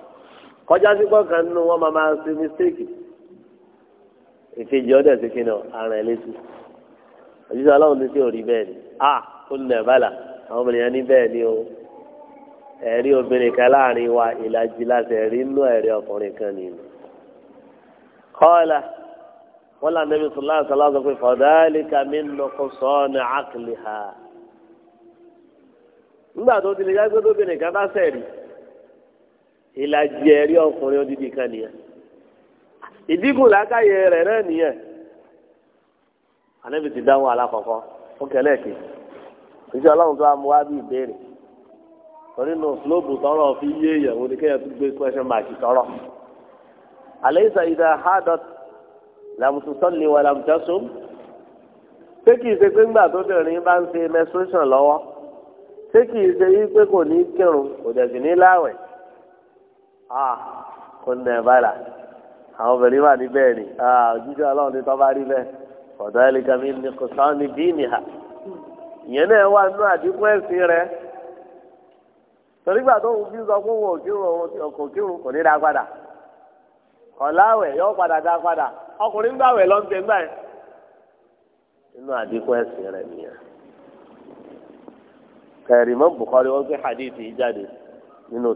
kọjá sí kọkàn nínú wọn máa máa ṣe mistake ìkejì ọdẹ sí kí ni àrùn ẹ létí òjíṣẹ́ Ọlọ́run ní sí òrí bẹ́ẹ̀ ni a ah, ó nà ẹ bàlà àwọn obìnrin yẹn ní bẹ́ẹ̀ ni o ẹ̀rí obìnrin kan láàrin wa ìlàjì láti ẹ̀rí inú ẹ̀rí ọkùnrin kan nìyí kọ́ọ̀lá wọ́n là nẹ́bí sọ̀lá sọ̀lá sọ pé fọ̀dáàlì kàmí nọkọ sọ́ọ̀nì àkìlì ha. nígbà tó ti lè yá gbé tóbi nìkan bá sẹ̀rí ìlàjì ẹ̀rí ọkùnrin odidi kan nìyẹn ìdínkù làákàyè rẹ̀ náà nìyẹn ànábì ti dáhùn alákọ̀ọ́kọ́ ó kẹlẹ́ kì í ṣe ọlọ́run tó wá mú wá bí ìbéèrè torí nù lóòbù tọrọ fi yé ìyàwó ni kéèyàn tún gbé question mark tọrọ àlẹ́sà ìdá hádọ́t làmùtútọ́ni wà làmùtẹ́sùn ṣé kìí ṣe pé ńgbà tóbìnrin bá ń ṣe menstruation lọ́wọ́ ṣé kìí ṣe yí pé kò ní kírun kò dẹ̀ ní láwẹ̀ kó nà ẹ̀ báyà àwọn obìnrin wà ni ojúṣe ah, ọlọ́run ní tọ́ba rí bẹ́ẹ̀ ọ̀dọ́ ẹlẹ́gà mi kò sáwọn ní bí nìhà ìyẹn náà wà nínú àdínkù ẹ̀sìn rẹ torígbà tó ń fi sọ fún wọn kò kírun kò ní dá padà ọ̀làwẹ̀ yóò padà dá padà ọkùnrin gbàwẹ̀ ló ń tẹ gbà nínú àdínkù ẹ̀sìn rẹ kẹrìmọ́ bùkọ́rí gbé jáde nínú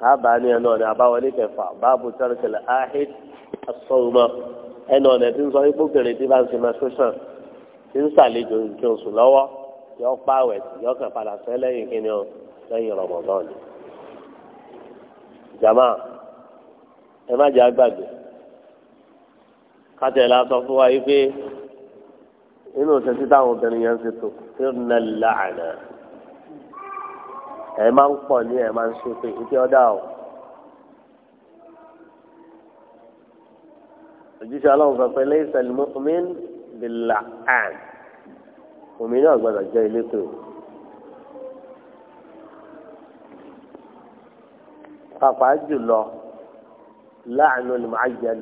káàbà ni ẹnu ọ̀nà àbáwọlé kẹfà báàbù tẹ́rẹ̀kẹ̀lẹ̀ áhìd asọ́rùmọ́ ẹnu ọ̀nà tí ń sọ ipò kèrè tí bá ń sin menstruation tí ń sàlejò nǹkan oṣù lọ́wọ́ yọ pààwẹ̀ yọ kàn padà sẹ́ lẹ́yìn kíni o lẹ́yìn rọ̀mọ̀dọ́ọ̀nù. jama ẹ má jẹ́ àgbàgbé kátẹ́ la sọ fún wa yìí pé nínú òṣèṣì táwọn obìnrin yẹn ń ṣètò tí ó nà láàánà ẹ máa ń pọ̀ ní ẹ máa ń ṣe pé ike ọ̀dà o. òjíṣẹ́ ọlọ́run sọ pé lẹ́yìn sẹ́lẹ̀ mọ́kùnmín bìlà àn omi náà gbọ́dọ̀ jẹ́ ilé tó. pàápàá jùlọ láàánú ni màá jẹ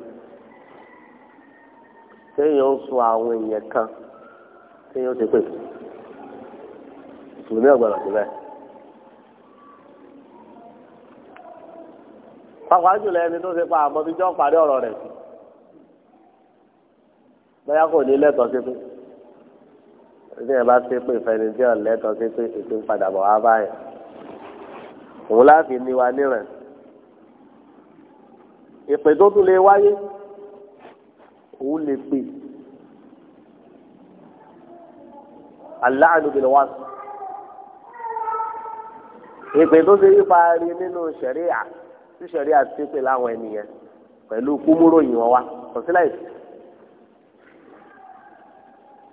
téèyàn ń sọ àwọn èèyàn kan téèyàn ti pè fún mi ọgbọ̀nà síbẹ̀. pàápàá jùlọ ẹni tó ṣe pa àmọ́ bí jọ́ parí ọ̀rọ̀ rẹ̀ sí bóyá kò ní lẹ́tọ̀ọ́ sí pé bí bá ṣe pé ìfẹ́ni tí lẹ́tọ̀ọ́ sí pé ètò ìpadàbọ̀ wá báyìí òun láàfin ni wa níràn ìpè tó tún lè wáyé òun lè pè aláàánú bìlẹ̀ wá sí ìpè tó ṣe yípa rí nínú ṣẹ̀ríà tíṣẹ̀rí àti pẹ̀lú àwọn ènìyàn pẹ̀lú kúmúròyìn wọn wa kò sí láì sí.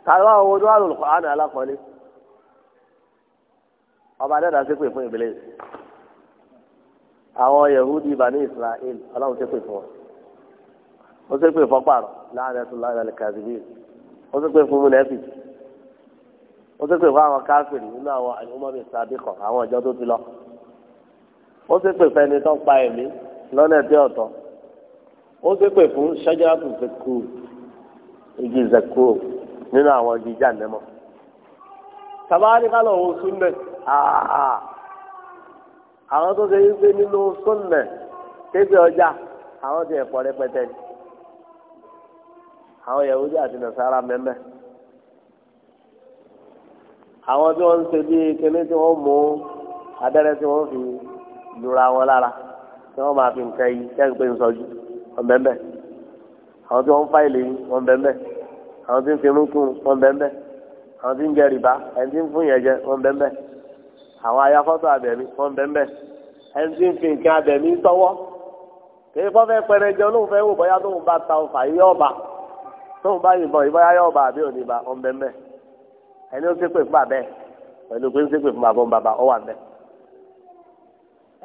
kàlọ́ àwọn ojú àrùn kọ́ àná alákọ̀ọ́lé ọba dẹ́dà ṣépè fún ìbílẹ̀ àwọn yahudi bani israel ọlọ́run ṣépè fún wọn ó ṣépè fún pààrọ̀ láàrin ẹ̀sùn láàrin ẹ̀lẹ́ kàzíbí ó ṣépè fún múnẹ́fì ó ṣépè fún àwọn káfíìn nínú àwọn àyùmọ́ mi sàbíkọ̀ àwọn ọjọ́ tó ti lọ. ó sì pè fẹ́ni tó pa ẹ̀mí lọ́nà ẹ̀dẹ́ ọ̀tọ̀ ó sì pè fún ṣájáàtù zẹkù igi zẹkù nínú àwọn igi jàǹdẹ́mọ́ tàbárí kálọ̀ wo súnlẹ̀ àwọn tó ṣe yí pé nínú súnlẹ̀ kéde ọjà àwọn ti ẹ̀pọ̀ rẹpẹtẹ ni àwọn yahudi àti nasara mẹ́mẹ́ àwọn tí wọ́n ń ṣe bíi kíní tí wọ́n mú adẹ́rẹ́ tí fi. lura wọn lára tí wọ́n máa fi nǹkan yìí kẹ́rin pé ń sọjú wọn bẹ́ẹ̀ bẹ́ẹ̀ àwọn tí wọ́n ń fáìlì yìí wọn bẹ́ẹ̀ bẹ́ẹ̀ àwọn tí ń finúkún wọn bẹ́ẹ̀ bẹ́ẹ̀ àwọn tí ń jẹ rìbá ẹni tí ń fún yẹn jẹ wọn bẹ́ẹ̀ bẹ́ẹ̀ àwọn ayafọ́tò abẹ̀mí wọn bẹ́ẹ̀ bẹ́ẹ̀ ẹni tí ń fi nǹkan abẹ̀mí sọ́wọ́ kì í fẹ́ pẹrẹ jẹ olóhùn fẹ́ wò bóyá tóun bá ta ọfà yìí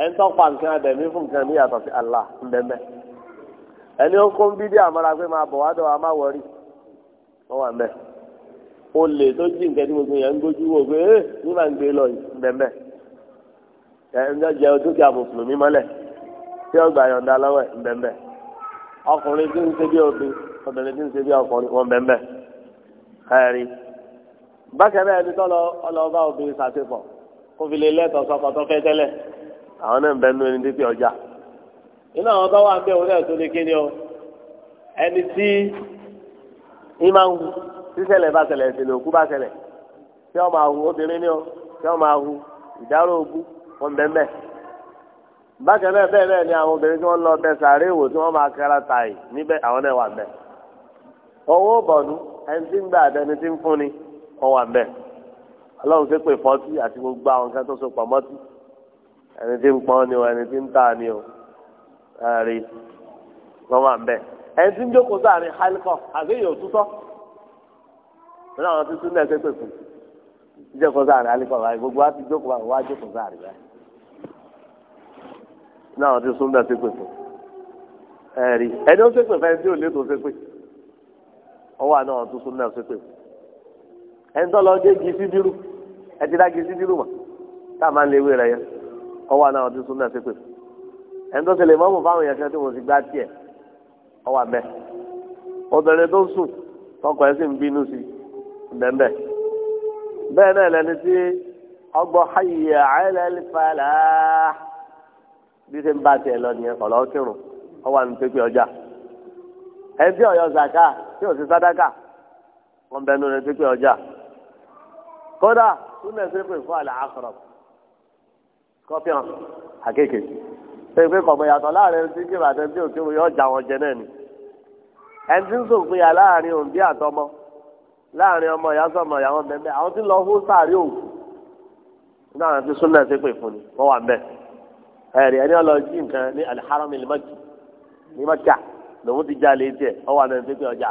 ẹni tó pa nǹkan abẹ̀mí fún nǹkan mi yàtọ̀ sí Allah mbẹ́mbẹ́ ẹni ó kó ń bí dé àmọ́ra pé máa bọ̀ wá dọ̀ wọrí wọ́n wà o lè tó jí nǹkan tí gbogbo yẹn ń gbójú wò pé ee ní màá ń gbé lọ yìí mbẹ́mbẹ́ ẹni tó jẹ dúkìá mùsùlùmí mọ́lẹ̀ tí ọgbà yọ̀ǹda lọ́wọ́ mbẹ́mbẹ́ ọkùnrin tí ń ṣe bí obìnrin obìnrin tí ń ṣe bí ọkùnrin wọn mbẹ́mbẹ́ ẹ̀rí bákẹ́ bẹ́ẹ̀ ni tọ́lọ ọlọ́ọ̀bá obìnrin ṣàṣepọ̀ kó fi lè àwọn náà ń ẹni títí ọjà nínú àwọn bá wà ń bẹ náà tó lè kéde ẹni tí ń ń hu bá ṣẹlẹ̀ òkú bá ṣẹlẹ̀ tí wọn máa hu obìnrin ni tí máa hu wọn bákan náà bẹ́ẹ̀ bẹ́ẹ̀ ni àwọn obìnrin tí lọ bẹ sàárè wò tí máa kára tàì níbẹ̀ àwọn náà wà owó gbogbo àwọn tó ẹni tí ń pọ́n ni o ẹni tí ń tà ni o ẹ̀rí wọ́n wà ń bẹ̀. ẹni tí ń jókòó sáàrin hálíkọ̀ àgbéyẹ̀ òtútọ́ nínú àwọn tuntun náà ṣe pèsè jókòó sáàrin hálíkọ̀ báyìí gbogbo wa ti jókòó báyìí wá jókòó sáàrin báyìí nínú àwọn tuntun náà ṣe pèsè ẹ̀rí ẹni ó ṣe pè fẹ́ tí ò lè tó ṣe pè ọwọ́ àná àwọn tuntun náà ṣe pè ẹni tó lọ dé gi síbírù ẹ ti dá gi síbírù mọ́ táà máa ń lewé rẹ yẹn ọwọ́ àná ọdún súnà sí pé ẹni tó tẹlẹ mọ́mù fáwọn èèyàn kan tí mo ti gbá tiẹ̀ ọwọ́ àbẹ obìnrin tó sùn tọkọ ẹ sì ń bínú sí bẹ́ẹ̀ bẹ́ẹ̀ náà lẹni tí ọgbọ́ hayya ala al-falah bí ṣe ń bá tiẹ̀ lọ nìyẹn kọ̀ lọ́ọ́ kírun ọwọ́ àná pépé ọjà ẹni ọ̀yọ́ zaka tí ò sí sádàkà wọn bẹnu rẹ pépé ọjà kódà súnà sí pé fún àlẹ́ àkọ́rọ̀ kọ́fí hàn àkékè ṣe pé kọ̀mọ̀ yàtọ̀ láàrin tí kí bàtẹ́ tí òkè yóò já wọn jẹ náà ni ẹni tí ń sòpin yà láàrin òǹbí àtọmọ láàrin ọmọ ìyá sọmọ ìyàwó bẹ́ẹ̀ àwọn tí lọ hó sáré òkú nígbà wọn ti súnlẹ̀ sí pé fún ni wọ́n wà mẹ́ ẹ̀rì ẹni ọlọ jí nǹkan ní alihamid limaki limaki lòun ti já lé tiẹ̀ ọwọ́ àná ti pé ọjà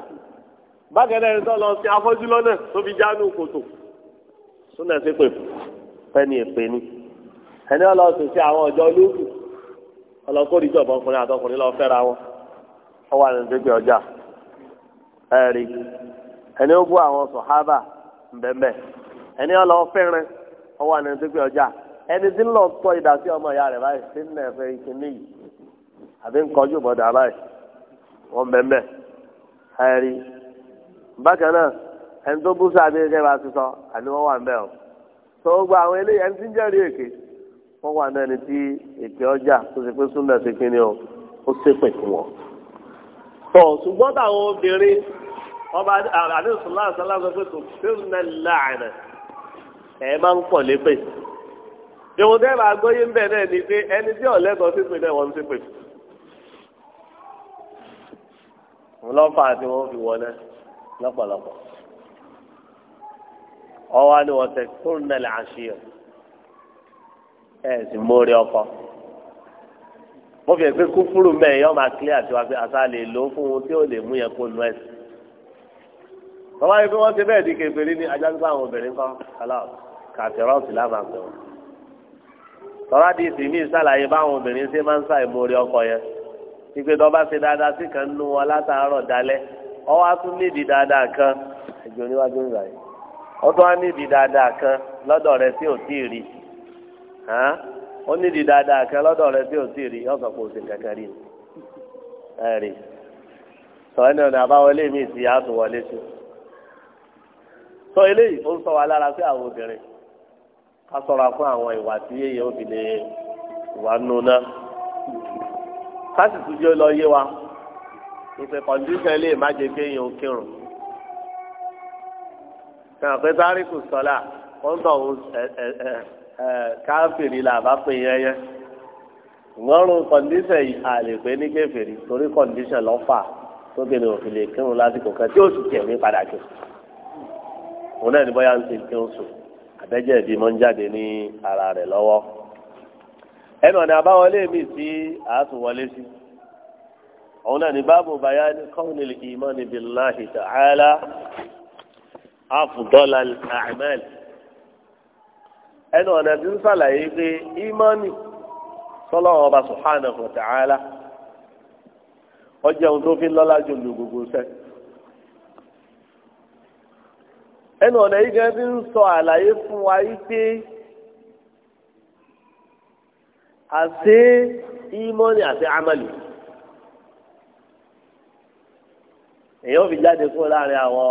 bákan náà ẹni tó lọ sí afọ́jú tó fi já ní òkòtò súnlẹ̀ sí pé fẹ́ni èpè ni ẹni ọlọ́sùn sí àwọn ọjọ́ lóògù ọlọ́kọ́rì jọ̀bọ ọkùnrin àtọkùnrin lọ fẹ́ra wọn ọ wà nínú ọjà ẹ̀rí ẹni ó bú àwọn sọ̀hábà mbẹ́mbẹ́ ẹni ọlọ́ fẹ́ràn ọ wà nínú ọjà ẹni tí ń lọ tọ́ ìdá ọmọ ìyá rẹ̀ báyìí sí nínú ẹ̀fẹ́ ìkíní yìí àbí ń kọjú bọ̀dà báyìí wọ́n mbẹ́mbẹ́ ẹ̀rí bákan náà ẹni tó bú sáà bí ẹgbẹ́ bá ti sọ àní wọ́n wà mbẹ́ o tó gba àwọn eléyìí ẹni tí ń jẹ́rìí èké wọ́n wà náà ní tí èpè ọjà tó ṣe pé súnà ṣe kí ni ọ ó ṣépè fún wọn. tọ ṣùgbọ́n táwọn obìnrin ọba àdéhùn sọlá àṣálá sọ pé tó fẹ́ràn láàrin ẹ̀ máa ń pọ̀ lépè. ìwọ̀n tẹ́ bá gbóyè ń bẹ̀ náà ni pé ẹni tí ọ̀lẹ́kọ̀ọ́ sí pé náà wọ́n ń ṣépè. lọ́fà àti wọn fi wọlé lọ́pọ̀lọpọ̀ ọwọ́ ni wọ́n tẹ̀ fẹ́ràn láàrin ẹ ọkọ mo fi ẹgbẹ kúfúrú mẹ́rin yọọ máa kílẹ àti wàá fi àṣà lè fún un tí ó lè mú yẹn kó nu bàbá yìí wọn ṣe bẹ́ẹ̀ di ni ajágbá àwọn obìnrin kan kálá kàtẹrọọsì lábàá pẹ wọn tọ́lá di ìsìnmí ìsàlàyé báwọn obìnrin ṣe máa ń ọkọ yẹn ìgbé tó bá ṣe dáadáa sí kan wọn látàárọ̀ ọwọ́ dáadáa kan ẹgbẹ́ oníwájú ń yìí á dáadáa kan lọ́dọ̀ ó nídìí dáadáa kan lọ́dọ̀ rẹ tí ò sì rí ọ̀sán kò sí kankan rí ẹ rí sọ̀rọ̀ ní ọ̀nà àbáwọlé mi sì á tún wọlé sí. sọ eléyìí ó ń sọ wa lára sí àwọn obìnrin ká sọra fún àwọn ìwà tí yéye ká sì tún wa ìpè kọ̀ǹdíṣẹ́ lè má jẹ́ kírun. káfìrí là bá pè yẹn yẹn ńgọ́rùn kọ́ndíṣẹ̀ yìí a lè pè ní kẹfìrí torí kọ́ndíṣẹ̀ lọ́fà tóbìnrin òfin lè kírun lásìkò kan tí oṣù tẹ̀ ní padà kí òun náà ní bóyá ń ti kí oṣù àtẹ́jẹ́ ìbí mọ́ ń jáde ní ara rẹ̀ lọ́wọ́ ẹnu ọ̀nà àbáwọlé mi tí àátúwọlé sí òun náà ní báàbù bàyá ní kọ́ọ̀nìlì ìmọ̀ níbi láhìtà áyálà àfùdọ́là àmẹ́lì. ẹnu ọ̀nà tí ń sàlàyé pé ìmánì sọlọ́wọ́n ọba subhanahu wa ta'ala ọjà ohun tó fi lọ́lá jù lù gbogbo sẹ́. ẹnu ọ̀nà yìí gan ti ń sọ àlàyé fún wa yìí pé àṣé àti amálì. fi jáde kúrò láàrin àwọn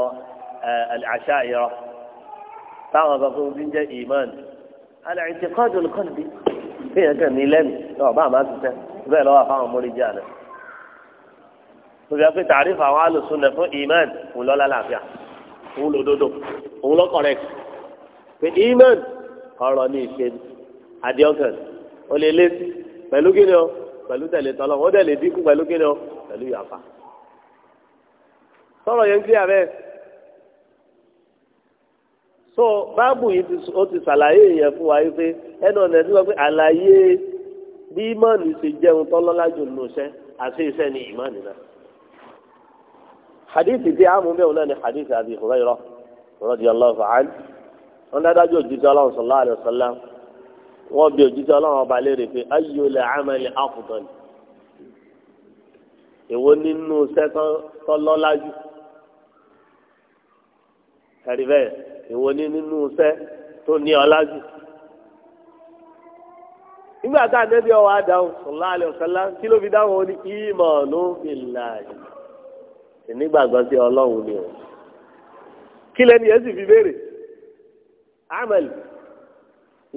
àṣà ìrọ táwọn sọ fún un ti alẹ́ àti kọ́ọ̀dù olùkọ́ni bí kéèyàn kàn ní lẹ́nu náà bá àmà ti tẹ́ bẹ́ẹ̀ lọ́wọ́ àfáwọn ọmọ oríjì àná. mo fi hàn pé tàrífù àwọn alùsùn lẹ̀ fún iman òun lọ́la làbíà òun lòdodo òun lọ́kọ̀ rẹ̀ pé iman ọ̀rọ̀ ní ìṣe àdéhùnkàn ó lè lé pẹ̀lú kíni o pẹ̀lú tẹ̀lé tọ́lọ́ ó dẹ̀ lè dínkù pẹ̀lú kíni o pẹ̀lú yàfa. sọ̀rọ̀ yẹn ń kílíà bẹ́ẹ̀ so báàbù yìí ti ó ti ṣàlàyé yẹn fún wa wípé ẹnu ọ̀nà tí wọ́n pé àlàyé bí ìmọ̀nì ṣe jẹun tọ́lọ́lá jù nù ṣẹ́ àti iṣẹ́ ni ìmọ̀nì náà. hadith tí a mú bẹ́ẹ̀ náà ni hadith Abi Hurairah radiyallahu anhu wọn dájú òjijì ọlọ́run sallallahu alaihi wasallam wọn bí òjijì ọlọ́run ọba léèrè pé ayyul amali afdal èwo nínú iṣẹ́ tọ́lọ́lá jù kẹrì èwo ni nínú iṣẹ́ tó ní ọlá jù nígbà tá a nẹ́bí ọwọ́ àdáhùn sọ̀lá àlẹ́ ọ̀sẹ̀lá kí ló fi dáhùn ó ní ìmọ̀ ló fi là yìí ìnígbàgbọ́ sí ọlọ́run ni o kí lẹ́ni yẹn sì fi béèrè amẹ́lì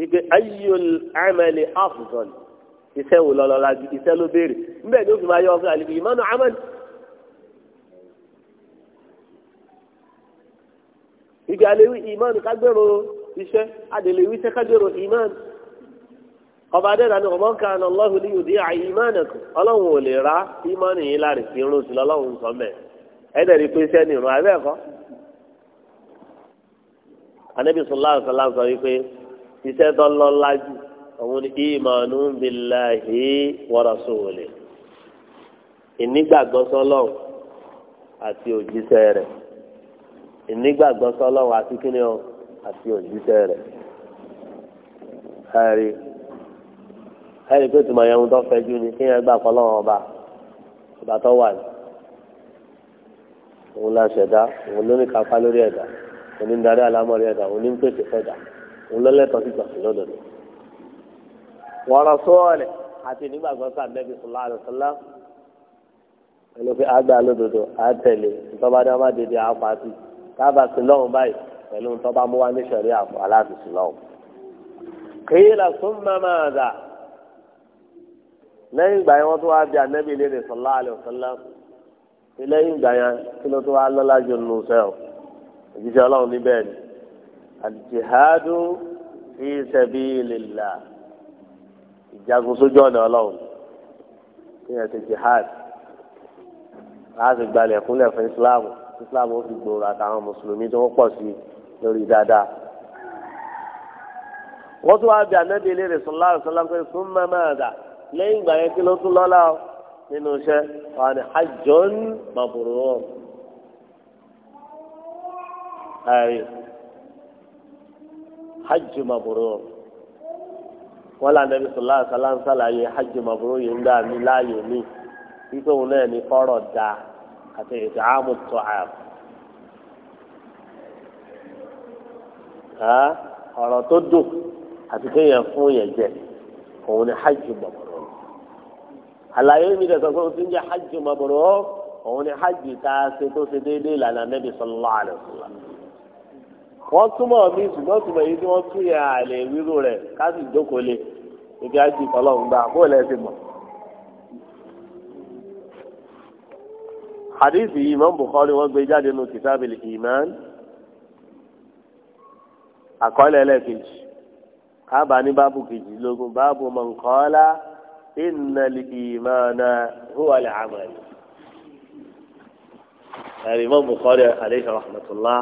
ìgbé ayíyó amẹ́lì afdal iṣẹ́ wò lọ́lọ́lá ju iṣẹ́ ló béèrè níbẹ̀ ni ó fi máa yọ ọ́ fún ìmọ̀nà amẹ́lì. ibi ga iman a iṣẹ́ àdèlèwi iṣẹ́ kágbèrò iman ọba adéra ni ọmọ nǹkan ọlọ́hun ní yòdì àyè ìmánìkù ọlọ́hun ò lè ra ìmánì yìí láàrin sí irun sí lọ́lọ́hun sọ mẹ́ ẹ̀dẹ̀ rí iṣẹ́ abẹ́ ẹ̀kọ́. anabi sọ wípé iṣẹ́ tó òun ni àti ìnígbàgbọ́ sọlọ́run àti kíni ọ àti òjíṣẹ́ rẹ̀ ẹ̀rí ẹ̀rí pé tùmọ̀ yẹn ń fẹ́ jú ni gbà ọba ọba tó wà ní òun la ṣẹ̀dá òun ló ní kápá lórí ẹ̀dá òun ní ń darí ẹ̀dá òun ní ń pèsè fẹ́dá òun sí lọ́dọ̀ ni. àti káàbà sí lọ́hùn báyìí pẹ̀lú tó bá mú wa ní sẹ̀rí àpò aláàbìsí lọ́hùn. kéèlà fún mama àdà lẹ́yìn ìgbà yẹn wọ́n tún wá bí anábì lédè sọ̀lá àlẹ́ òsánlá lẹ́yìn ìgbà yẹn kí ló tún wá lọ́lá jù nù sẹ́wọ̀n òjíṣẹ́ ọlọ́run níbẹ̀ ni àdìjìhádù fi sabilillah ìjagun sójú ọ̀nà ọlọ́run kí ti jihad láti gbalẹ̀ fúnlẹ̀ fún islámù. islam ó fi gbòòrò àtàwọn mùsùlùmí tó ń pọ̀ sí lórí dáadáa. wọ́n tún wá bí anábì eléèrè sọ̀lá àrùsọ̀lá pé fún mẹ́mẹ́ àdá lẹ́yìn ìgbà yẹn kí ló tún lọ́lá o nínú iṣẹ́ ní hajj wọ́n là nẹ́bí ń sàlàyé hajj yìí ń láàyè wípé òun náà ní dáa. àti ìdáàmú tó àmì. ọ̀rọ̀ tó dùn àti kéèyàn fún yẹn jẹ òun ni hajj mabrur àlàyé mi dẹ̀ sọ pé o ti ń jẹ hajj mabrur òun ni hajj tá a ṣe tó ṣe déédéé ìlànà Nabi sallallahu alaihi wasallam wọ́n túmọ̀ mí ṣùgbọ́n túmọ̀ yìí tí wọ́n tún yẹ àlè wíwú rẹ̀ ká sì jókòó lé ìgbà jù kọ́lọ́ ń lẹ́sìn mọ̀. hadithi yìí imam bukhari wọ́n gbé jáde nínú kitabil iman àkọọ́lẹ̀ ẹlẹ́ẹ̀kejì kábà ní báàbù kejìlélógún báàbù man qala innal imana huwa al-amal ẹ̀rí imam bukhari alayhi rahmatullah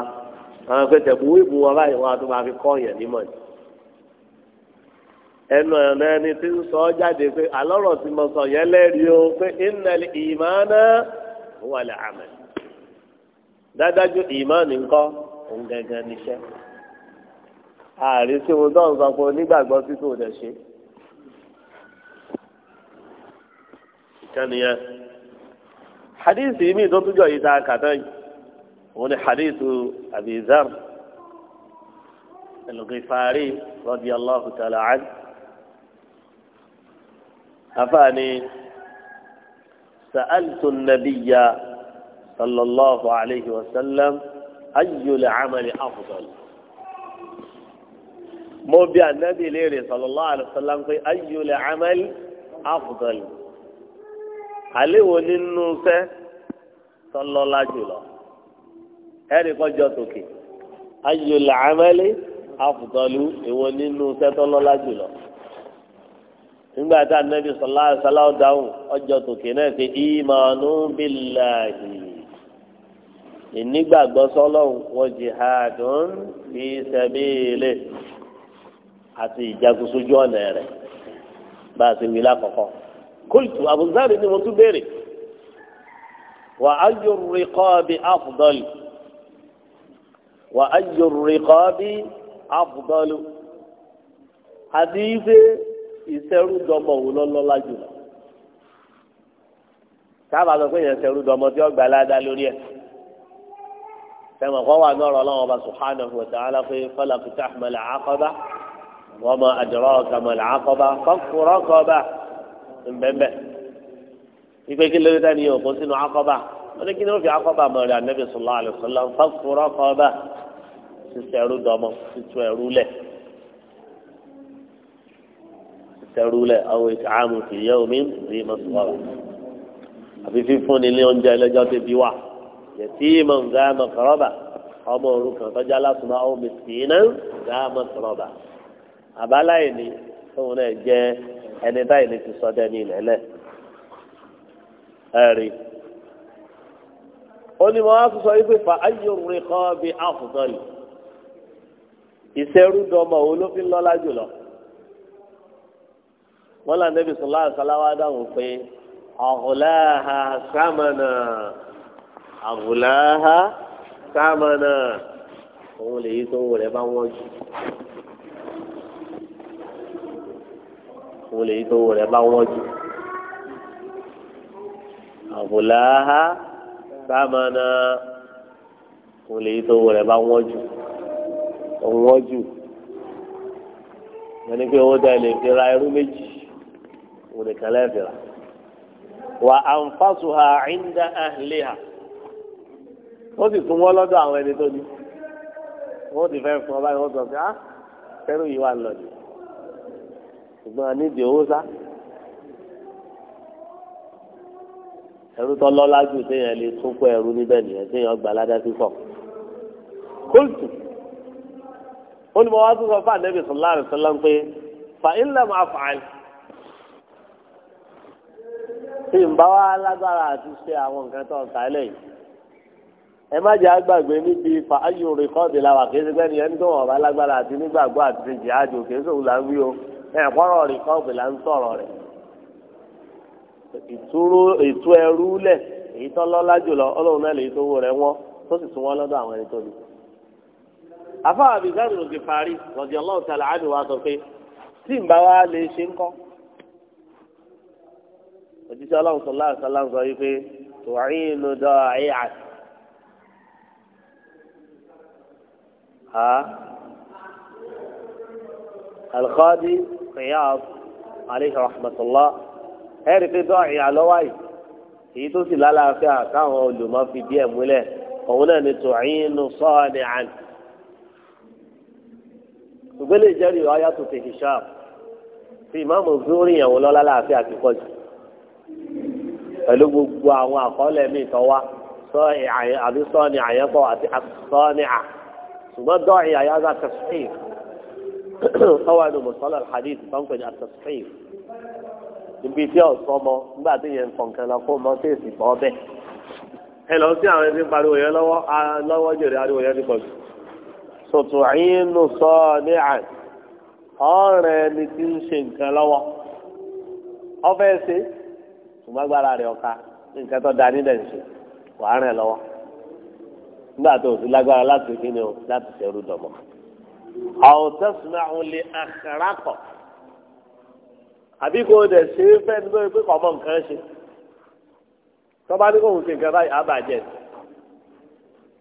àwọn akẹ́kẹ́ buwé bu wọn báyìí wọn àti wọn àfi kọ́ yẹn nímọ̀ ni ẹnu ọ̀nà ẹni tí ń sọ jáde pé alọ́rọ̀ tí mo sọ yẹn lẹ́rìí o pé innal imana huwa al-amal dájájú ìmánì ńkọ́ òun gangan níṣẹ́ ààrẹ tí mo dán sọ pé onígbàgbọ́ tí kò dẹ̀ ṣe. ìkànnìyàn hadithi mi tó túnjọ yìí tá a kà tán yìí òun ni hadithu Abi Dharr al-Ghifari radiyallahu ta'ala anhu àfààní. سألت النبي صلى الله عليه وسلم أي العمل أفضل mo bi anabi léèrè sallallahu alayhi wa sallam pé ayyul amal afdal àléwò nínú fẹ sọlọlá jùlọ ẹrí kọjọ tòkè ayyul amal afdalu èwo nínú fẹ sọlọlá jùlọ nígbà tá anabi sọlá sọlá dáhùn ọjọ́ tòkè náà pé ìmọ̀ọ́nù bíláàhì ìnígbàgbọ́ sọlọ́hùn wọ́n jihadun fi sabilih àti ìjagun sójú ọ̀nà rẹ̀ bá a ti wí lákọ̀ọ́kọ́ kóòtù àbùzárì ni mo tún béèrè wà á yọ rìkọ́ọ̀bì afdal wà á yọ rìkọ́ọ̀bì afdal àti ife ìṣerúdọmọ wò lọ́lọ́lá jùlọ sábà sọ pé yẹn ṣerúdọmọ tí ó gbà ládàá lórí ẹ̀ sẹ́wọ̀n kọ́ wà nọ́ọ̀rọ̀ ọlọ́wọ́n bá subhanahu wa ta'ala pé fọlá fi tahmal àákọ́bá wọ́n mọ àdúrà ọ̀kàmọ̀lá àákọ́bá fọ́kùrọ́ kọ́bá ńbẹ́ńbẹ́ ìgbé kí lórí dání òkú sínú àákọ́bá wọ́n ní kí ni wọ́n fi àákọ́bá mọ̀ rẹ̀ ànábì sallallahu alaihi wasallam fọ́kùrọ́ kọ́bá sísẹ́ ẹrú dọ́mọ sísú ẹrú lẹ̀ tẹrúlẹ̀ àwọn ìtààmù fi yẹ omi ní mọ́sùlọ́wà àfi fífún ni ilé oúnjẹ ẹlẹ́jọ́ ti bí wà yẹtí mọ̀ ń gáàmà kọ́rọ́bà ọmọ òrukàn tọ́jà lásùnmọ́ àwọn mẹsìnínà gáàmà kọ́rọ́bà àbáláyé ni tóun náà jẹ́ ẹni báyìí ni ti sọ dẹ́ni ìlẹ́lẹ̀ ẹ̀rí. ó ní wọn á sọ ayé orin kan bí àfùtọ́ yìí ìṣerú dọmọ olófin lọ́lá jùlọ wọn là nẹbi sọlá àṣàláwá dáhùn pé ọ̀hùnláha sámánà ọ̀hùnláha sámánà òun lè yí tó wò rẹ bá wọ́n jù òun lè yí tó wò rẹ bá wọ́n jù ọ̀hùnláha sámánà òun lè yí tó wò rẹ bá wọ́n jù òun wọ́n jù ẹni pé owó dá ilé fi irú méjì onìkan lẹ́ẹ̀dẹ̀rà wà ànfàṣù ha ìndà àhìlẹ̀ ha ó sì tún wọ́n lọ́dọ̀ àwọn ẹni tó ní wọ́n ti fẹ́ fún ọ báyìí wọ́n sọ pé á ah, kẹ́rù yìí wà ń lọ ni ṣùgbọ́n nídìí owó sá ẹrú tó lọ́lá jù téèyàn lè tún pọ̀ ẹrú níbẹ̀ nìyẹn téèyàn gbà ládá fífọ̀ kóòtù ó ní mo wá tún sọ fún àdébìsọ̀ láàrin sọlá ń pé fa ilẹ̀ máa fà tí ń bá wá lágbára àti ṣe àwọn nǹkan tó ń kálẹ̀ yìí ẹ má jẹ́ àgbàgbé níbi fa ayò rìkọ́ọ̀dì la wà kí ẹsẹ̀ pẹ́ni ẹni tó wọ̀n bá lágbára àti nígbàgbọ́ àti ṣe jìhádì òkè sóhun là ń wí o ẹ̀ kọ́rọ̀ rìkọ́ọ̀dì là ń sọ̀rọ̀ rẹ̀ ìtú ẹrú lẹ̀ èyí tó lọ́lá jùlọ ọlọ́run náà lè tó owó rẹ̀ wọ́n tó sì tún wọ́n lọ́dọ̀ àwọn ẹni tó ní. afáàbí gáàdì òjíṣẹ́ ọlọ́run sọlá àṣàlá ń sọ yìí pé tòwáyìn ló dá ayé àti. ha alqadi qiyas aleyhi rahmatulah ẹ̀rí pé dọ́ ìyá lọ́wọ́ yìí èyí tó sì lálàáfíà táwọn olùmọ̀ fi díẹ̀ múlẹ̀ òun náà ni tòwáyìn ló sọ ọ́ ní àn. ṣùgbọ́n lè jẹ́rìí ọ̀yà tó ti hìṣà fi ìmáàmù zúrì yẹn lọ́lá láàfin àti kọjú. pẹ̀lú gbogbo àwọn àkọọ́lẹ̀ míì tó wá sọ́ọ̀nì àbí àti sọ́ọ̀nì à ṣùgbọ́n dọ́ọ̀nì àyáza tasfif ọwọ́ ẹnu mùsọ́lá hadith tó ń tasfif ibi tí ọ̀ sọmọ nígbà tí yẹn kọ̀ǹkan lọ fún ọmọ tí èsì bọ́ bẹ́ẹ̀ ẹ lọ sí àwọn ẹni pariwo yẹn lọ́wọ́ lọ́wọ́ jèrè ariwo yẹn nípa jù àyínú sọ́ọ̀nì à ọ̀rẹ́ ni ń ṣe nǹkan lọ́wọ́ ọ ṣùgbọ́n agbára rẹ̀ ọ̀ka nǹkan tó da nílẹ̀ ṣe wà á rìn lọ́wọ́ nígbà tó o ti lágbára láti kí ni o láti ṣerú dọ̀mọ́. àwòtẹ́sùnà òun lè àkàrà kọ̀ àbí kò dẹ̀ ṣe é fẹ́ ní lórí pé kò mọ nǹkan ṣe tọ́ba ní kò ń ṣe nǹkan báyìí á bàjẹ́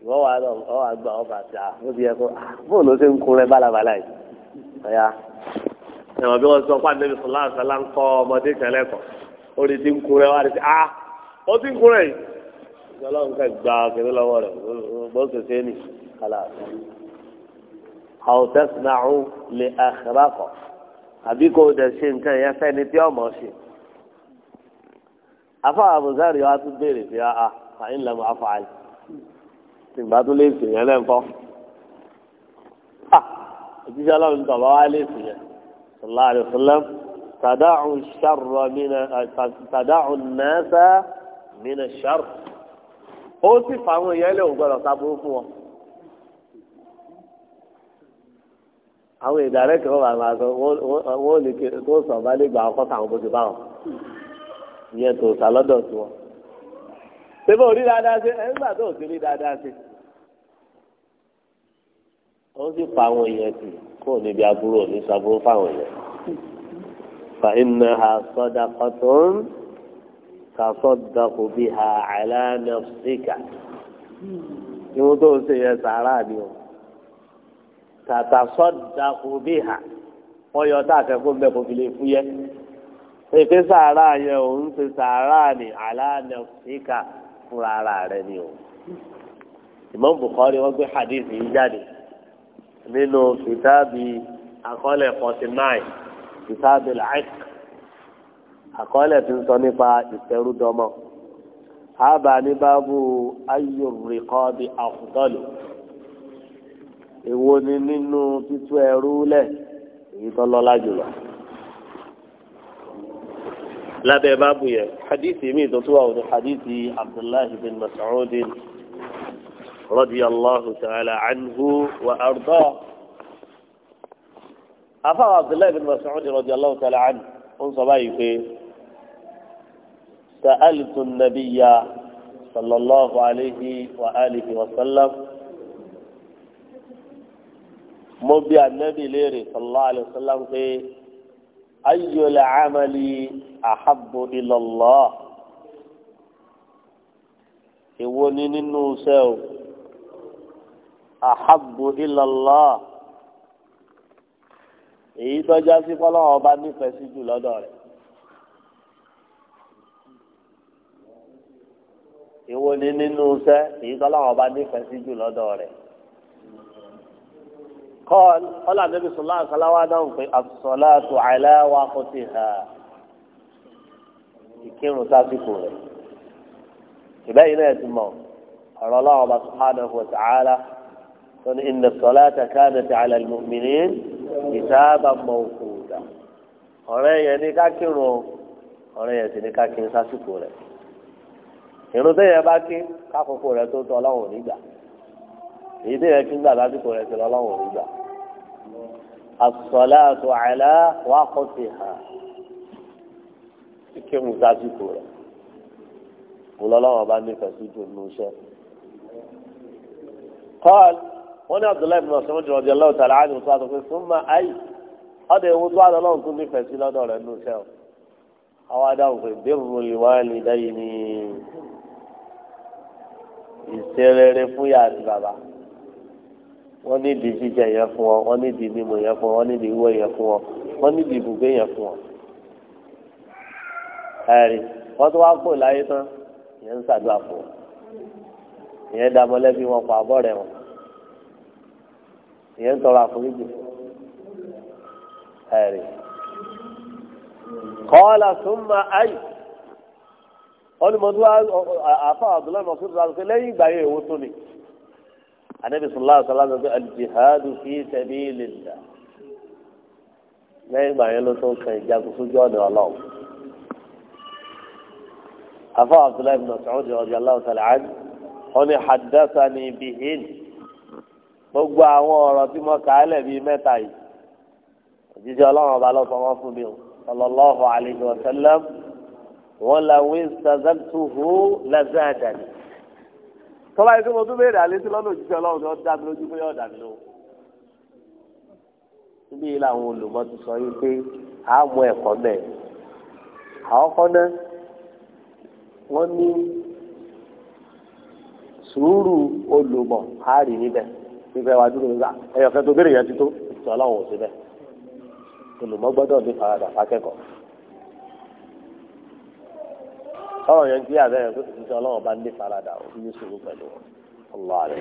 ìwọ́ wa lọ ọ wà gbà ọ bà sí à ó ti yẹ kó ah, bóun ló ṣe ń kun rẹ bálabàlà yìí ọ̀ya ẹ̀wọ̀n bí wọ́n sọ fún àdébí fúláṣà láńkọ́ ọmọdé kan lẹ́kọ̀ọ́ orí ti ń kúrẹ́ wá rẹ̀ ah ó ti ń kúrẹ́ yìí ọlọ́run ká gba kẹfẹ́ lọ́wọ́ rẹ̀ bọ́n ṣẹṣẹ nì kálá àwòtẹ́sìnàáhùn lè àkàràkọ̀ àbí kò dẹ̀ ṣe nǹkan yẹn fẹ́ni tí ọmọ ṣe afa abuzari wa tún béèrè pé ah, ah, a a ń lẹ́mu afaali tìǹbà tún lè sèyàn lẹ́ǹkọ́ a ah, òjíṣẹ́ ọlọ́run tọ̀ bá wá lè sèyàn sallallahu alaihi wasallam tàdáhùn الشر من tàdáhùn mẹ́sà من الشر. ó sì fà àwọn èèyàn lè gbọdọ̀ sábúrú fún wọn. àwọn ìdàrẹ́ kí wọ́n bá máa sọ wọ́n lè ké tó sọ bá lè gbà ọkọ́ sàwọn bó ti bá wọn ìyẹn tó sà lọ́dọ̀ tó wọn. sebo rí dáadáa sí ẹ nígbà tó sì rí dáadáa sí. ó sì fà èèyàn tì kó níbi aburú ní sábúrú fáwọn èèyàn. فإنها صدقة تصدق بها على نفسك يوضو سي ساراني تتصدق بها ọyọ tá a fẹ́ kó mẹkọ fi lè fúyẹ́ èké sàárà yẹn òun ti sàárà ní aláàánẹ síkà fúnra ara rẹ̀ ni o Imam Bukhari wọ́n gbé hadith yìí jáde nínú kìtàbí àkọọ́lẹ̀ forty nine kìtàbí làákì àkọọ́lẹ̀ tí ń sọ nípa ìfẹ́rúdọ́mọ àbá ní báàbù ayọ̀rìkọ́bí àkùtọ́lù èwo ni nínú títú ẹrú lẹ̀ èyí tó lọ́lá jùlọ. lábẹ́ báàbù yẹn hadithi mi tó túwà òní hadithi abdullahi bin mas'ud radiyallahu ta'ala anhu wa ardaah afáwọn abdullahi bin mas'ud radiyallahu ta'ala anhu ó ń sọ báyìí pé sa'altu nabiyya sallallahu alayhi wa alihi wa sallam mo bi anabi léèrè sallallahu alayhi wa sallam pé ayyul amali ahabbu ila Allah èwo ni nínú sẹ́wọ̀ èyí tọ́já sí fọlọ́wọ́n ọba nífẹ̀ẹ́ sí jù lọ́dọ̀ rẹ̀ ìwò ni nínú iṣẹ́ èyí tọ́lọ́wọ́n ọba nífẹ̀ẹ́ sí jù lọ́dọ̀ rẹ̀ kọ́ ọ̀là níbi sọ̀lá àkàláwá dáhùn pé tó àìláwá kò ìkírun sásìkò rẹ̀ ìbẹ́yìn náà ti mọ̀ ọ̀rọ̀ wọn inna salata kanat ala al-mu'minin kitaban mawquta ọ̀rẹ́ yẹn ní kákìrún ọ̀rẹ́ yẹn sì ní kákìrún sásìkò rẹ̀ ìrun tẹ́yẹ bá kí kákòókò rẹ̀ tó tọ́ ọlọ́run nígbà èyí tẹ́yẹ kí gbà lásìkò rẹ̀ tó ọlọ́run nígbà as-salatu ala waqtiha kíkírun sásìkò rẹ̀ mo lọ́lọ́run bá nífẹ̀ẹ́ sí wọ́n ní abdullahi bin masoud jọ̀rọ̀ di ọlọ́run tààlà ánì tó àtọ̀pẹ́ súnmọ́ ayé ọ̀dọ̀ ewu tó àlọ́ lọ́run tó nífẹ̀ẹ́ sí lọ́dọ̀ rẹ̀ nù sẹ́ o àwọn adáhùn pé bẹ́ẹ̀rù ìwádìí dáyé ni ìṣerere fún yà àti bàbá wọ́n ní ìdí jíjẹ yẹn fún ọ wọ́n ní ìdí mímu yẹn fún ọ wọ́n ní ìdí wíwọ́ yẹn fún ọ wọ́n ní ìdí ibùgbé yẹn fún ọ. ẹ̀rí wọ́n tún wá kó láyé tán ìyẹn ń ṣàdúrà fún ọ ìyẹn dá mọ́lẹ́bí wọn pa àbọ̀ rẹ̀ wọn ìyẹn ń tọrọ àforíjì ẹ̀rí. kọ́lá súnmọ́ ayé olùmọ̀tò àfa abdullahi mọ̀sùn tó sọ lẹ́yìn ìgbà yẹn èwo tó ni anabi sallallahu alaihi wa sallam sọ alijihadu fi sabilillah lẹ́yìn ìgbà yẹn ló tó kàn ìjagun sójú ọ̀nà ọlọ́run afa abdullahi mọ̀sùn tó sọ aláwọ̀ sàlẹ̀ àjù wọn ni hadassani bihin gbogbo àwọn ọ̀rọ̀ tí mo kà á lẹ̀ bíi mẹ́ta yìí òjíṣẹ́ ọlọ́run ọba lọ́sọ̀ wọn fún mi o sallallahu alayhi wa sallam wọn làwọn ìsàzẹ́tùhù lẹ́sẹ̀ẹ́dẹ̀ni. tọ́lá yìí tí mo tún béèrè àlẹ́ sí lọ́nà òjíṣẹ́ ọlọ́run ni wọ́n dá mi lójú pé yóò dà mí lóhùn. níbí yìí làwọn olùmọ̀ ti sọ yìí pé a mú ẹ̀kọ́ mẹ́ àwọn kọ́nà wọ́n ní sùúrù olùmọ̀ á rí níbẹ̀ fífẹ́ wájú ló ń gbà ẹyọ kẹtọ béèrè yẹn ti tó ìtọ́ ọlọ́run ò sí bẹ́ẹ̀ olùmọ̀ gbọ́dọ̀ ní faradà fákẹ́kọ̀ọ́ ọ̀rọ̀ yẹn kí àbẹ́ yẹn tó ti sọ ọlọ́run bá ní faradà òfin ní sùúrù pẹ̀lú ọlọ́run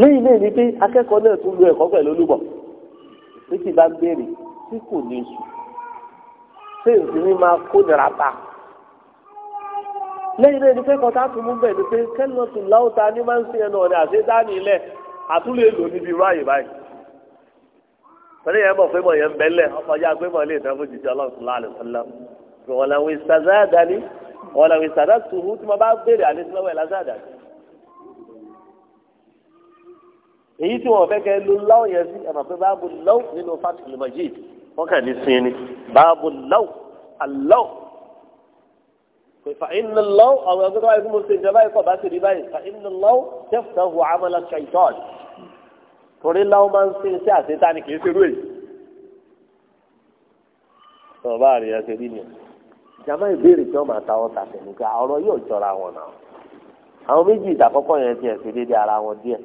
ní ilé ni pé akẹ́kọ̀ọ́ náà tún lu ẹ̀kọ́ pẹ̀lú olúbọ̀ bí ti bá béèrè tí kò ní sùn ṣé èsì ní máa kó nira pa lẹ́yìn náà ni pé kọ́tà tún mú bẹ̀ ni pé kẹ́lọ́tù láwùta ní máa ń sìn ẹnu ọ̀rẹ́ àti dání ilẹ̀ àtúlẹ̀ èlò níbi irú àyè báyìí tẹ́lẹ̀ yẹn mọ̀ pé mọ̀ yẹn ń bẹ́lẹ̀ ọkọ̀ ya pé mọ̀ lè tẹ́ fún jíjẹ́ ọlọ́run sọlá àlè sọlá wọn làwọn ìsàdá dání wọn làwọn ìsàdá tuhu tí mo bá béèrè àlè sọlá wọn làzá dání. èyí tí wọn fẹ́ kẹ́ ló láwọn yẹn sí ẹ̀ mọ̀ pé báàbù láwù nínú fásitì lè kàn ní sinmi báàbù láwù àláwù pé fa iná lọ àwọn ẹgbẹ́ tó wáyé fún mo ṣe ìjọba ẹ̀kọ́ bá ti rí báyìí fa iná lọ tẹ́fùtà hu amala shaitan torí láwọn máa ń ṣe iṣẹ́ àṣetá ni kì èyí. sọ bá rí ẹsẹ rí ni jama ìbéèrè tí wọn máa ta ọta tẹnu ká ọ̀rọ̀ yóò jọra wọn náà àwọn méjì ìdàkọ́kọ́ yẹn ti ẹ̀sẹ̀ déédéé ara wọn díẹ̀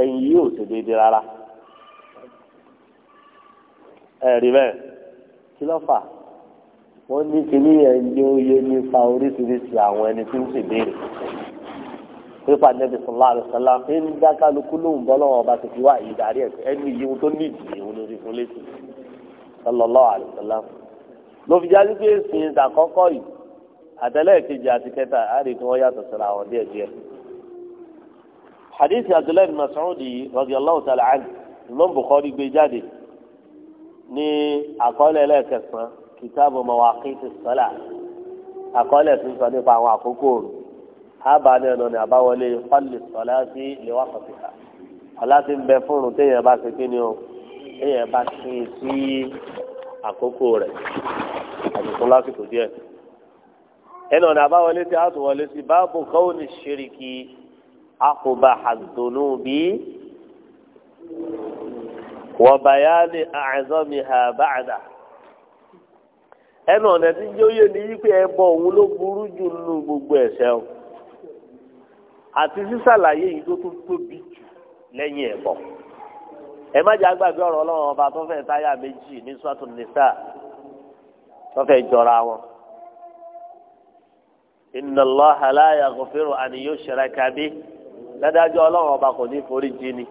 ẹ̀yìn yìí ṣe déédéé rárá ẹ̀rí bẹ́ẹ̀ kí ló fà á wọ́n ní kíní yẹn ní oyè nípa oríṣiríṣi àwọn ẹni tí ń ṣèbéèrè pípa nẹ́bí sọlá àlùsọlá fi ń dákàlùkù lóhùn bọ́lọ́wọ́ ọba ti fi wá ìdarí ẹ̀ ẹni ìyíwò tó ní ìdí ìhun lórí fún létí sọlọ́lọ́ àlùsọlá ló fi jáde pé èsìn ìdàkọ́kọ́ yìí àtẹlẹ́ kejì àti kẹta àárín tí wọ́n yàtọ̀ síra wọn díẹ̀ díẹ̀. hadith abdullahi bin masoud yìí radiyallahu ta'ala anhu imam bukhari gbé jáde ní àkọọ́lẹ̀ ẹlẹ́ẹ̀kẹsàn-án kìtàbù mawaqiti sọ́là àkọọ́lẹ̀ tó ń sọ nípa àwọn àkókò òru ábàá ní ẹnu ní àbáwọlé fọ́lì sọ́lá sí lewaqati ha ọ̀la ti ń bẹ fóònù téèyàn bá ti kí ni o téèyàn bá ti sí àkókò rẹ̀ àdìsún lásìkò díẹ̀ ẹnu ní àbáwọlé tí a tún wọlé sí báàbù kọ́wọ́nì ṣíríkì àkùbà àdùnnú bíi. وبيان أعظمها بعده ẹnu ọ̀nà tí yóyè ní yí pé ẹbọ òun ló burú jù gbogbo o àti sísàlàyé yìí tó tún tóbi jù lẹ́yìn ẹbọ ẹ má jẹ́ àgbàgbé ọba tó fẹ́ táyà méjì ní sọ́tún nìsà tó fẹ́ jọra wọn. inna Allaha la yaghfiru an yushraka bihi ládájọ́ ọlọ́run ọba kò ní forí ni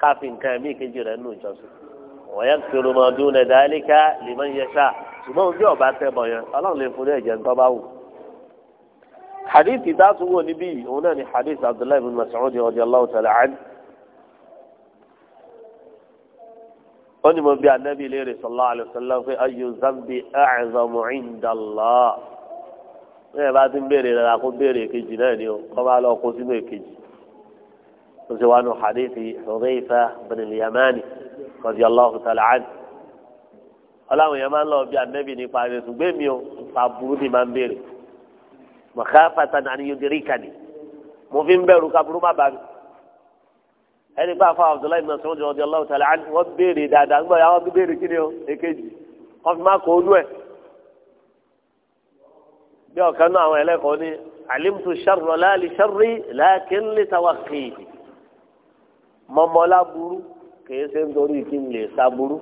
káfíńkà ẹ̀mí ìkejì rẹ̀ nù wọ́n yẹn kiri ma dún ní dáríkà lèmọ́ yẹ sá ṣùgbọ́n bí ọba tẹ bọ̀ yẹn ọlọ́run lè fún ní ẹ̀jẹ̀ ńtọ́ bá wù. hadithi táàtú wò níbí òun náà ni hadith abdullahi bin Mas'ud radiyallahu ta'ala an. ó ní mo bí anabi léèrè sallallahu alayhi wa sallam pé ayu zambi a'zamu inda Allah. bẹ́ẹ̀ bá ti ń béèrè rẹ̀ kó béèrè èkejì náà ni o bá lọ kó sínú èkejì. ó sì wá nu hadithi radiyallahu ta'ala anhu ọláwọn èèyàn máa ń lọ bí anẹ́bì nípa rẹ̀ ṣùgbọ́n mi ò fa burú ni máa ń béèrè makhafatan an yudrikani mo fi ń bẹ̀rù ká burú má bá mi ẹni bá fa Abdullahi ibn Mas'ud radiyallahu ta'ala anhu wọ́n béèrè dáadáa gbọ́dọ̀ àwọn tó béèrè kí o èkejì wọ́n fi má kó o ẹ̀ bí ọ̀kan náà àwọn ẹlẹ́kọ̀ọ́ kìí ṣe nítorí kí n lè sábúrú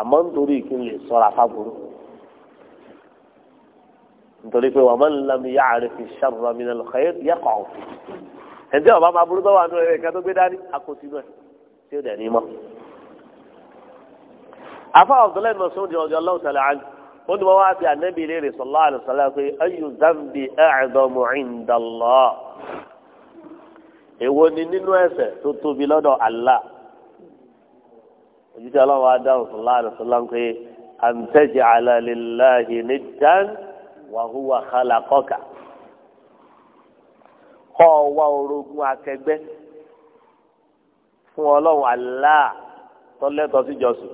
àmọ́ nítorí kí n lè sọ́ra fábúrú nítorí pé wàá máa ń lami yá àárẹ̀ fi ṣàrùrọ̀ mi lọ kẹ́yẹ́ yẹ kọ̀ ọ́ ẹ̀jẹ̀ ọ̀bá máa burú bá wà nù ẹ̀rẹ̀ ìka tó gbé dání akọ̀sí náà tí ó dẹ̀ ní mọ́. afa abdullahi masoud ọjọ́ ọlọ́run sọ̀rọ̀ ó ní wọ́n wá bí anabi ilé rẹ̀ sọ̀lá ni nínú ẹ̀ṣẹ̀ tó tóbi lọ́dọ̀ Allah òjijì ọlọ́run wa dáhùn sọlá àdùsọlá ń pè àǹtẹ̀jì alàlélàhì ní dán wàhùwà kálàkọ́kà kọ́ ọ wá orogún akẹgbẹ́ fún ọlọ́run àlá tọ́lẹ́tọ́ síjọsìn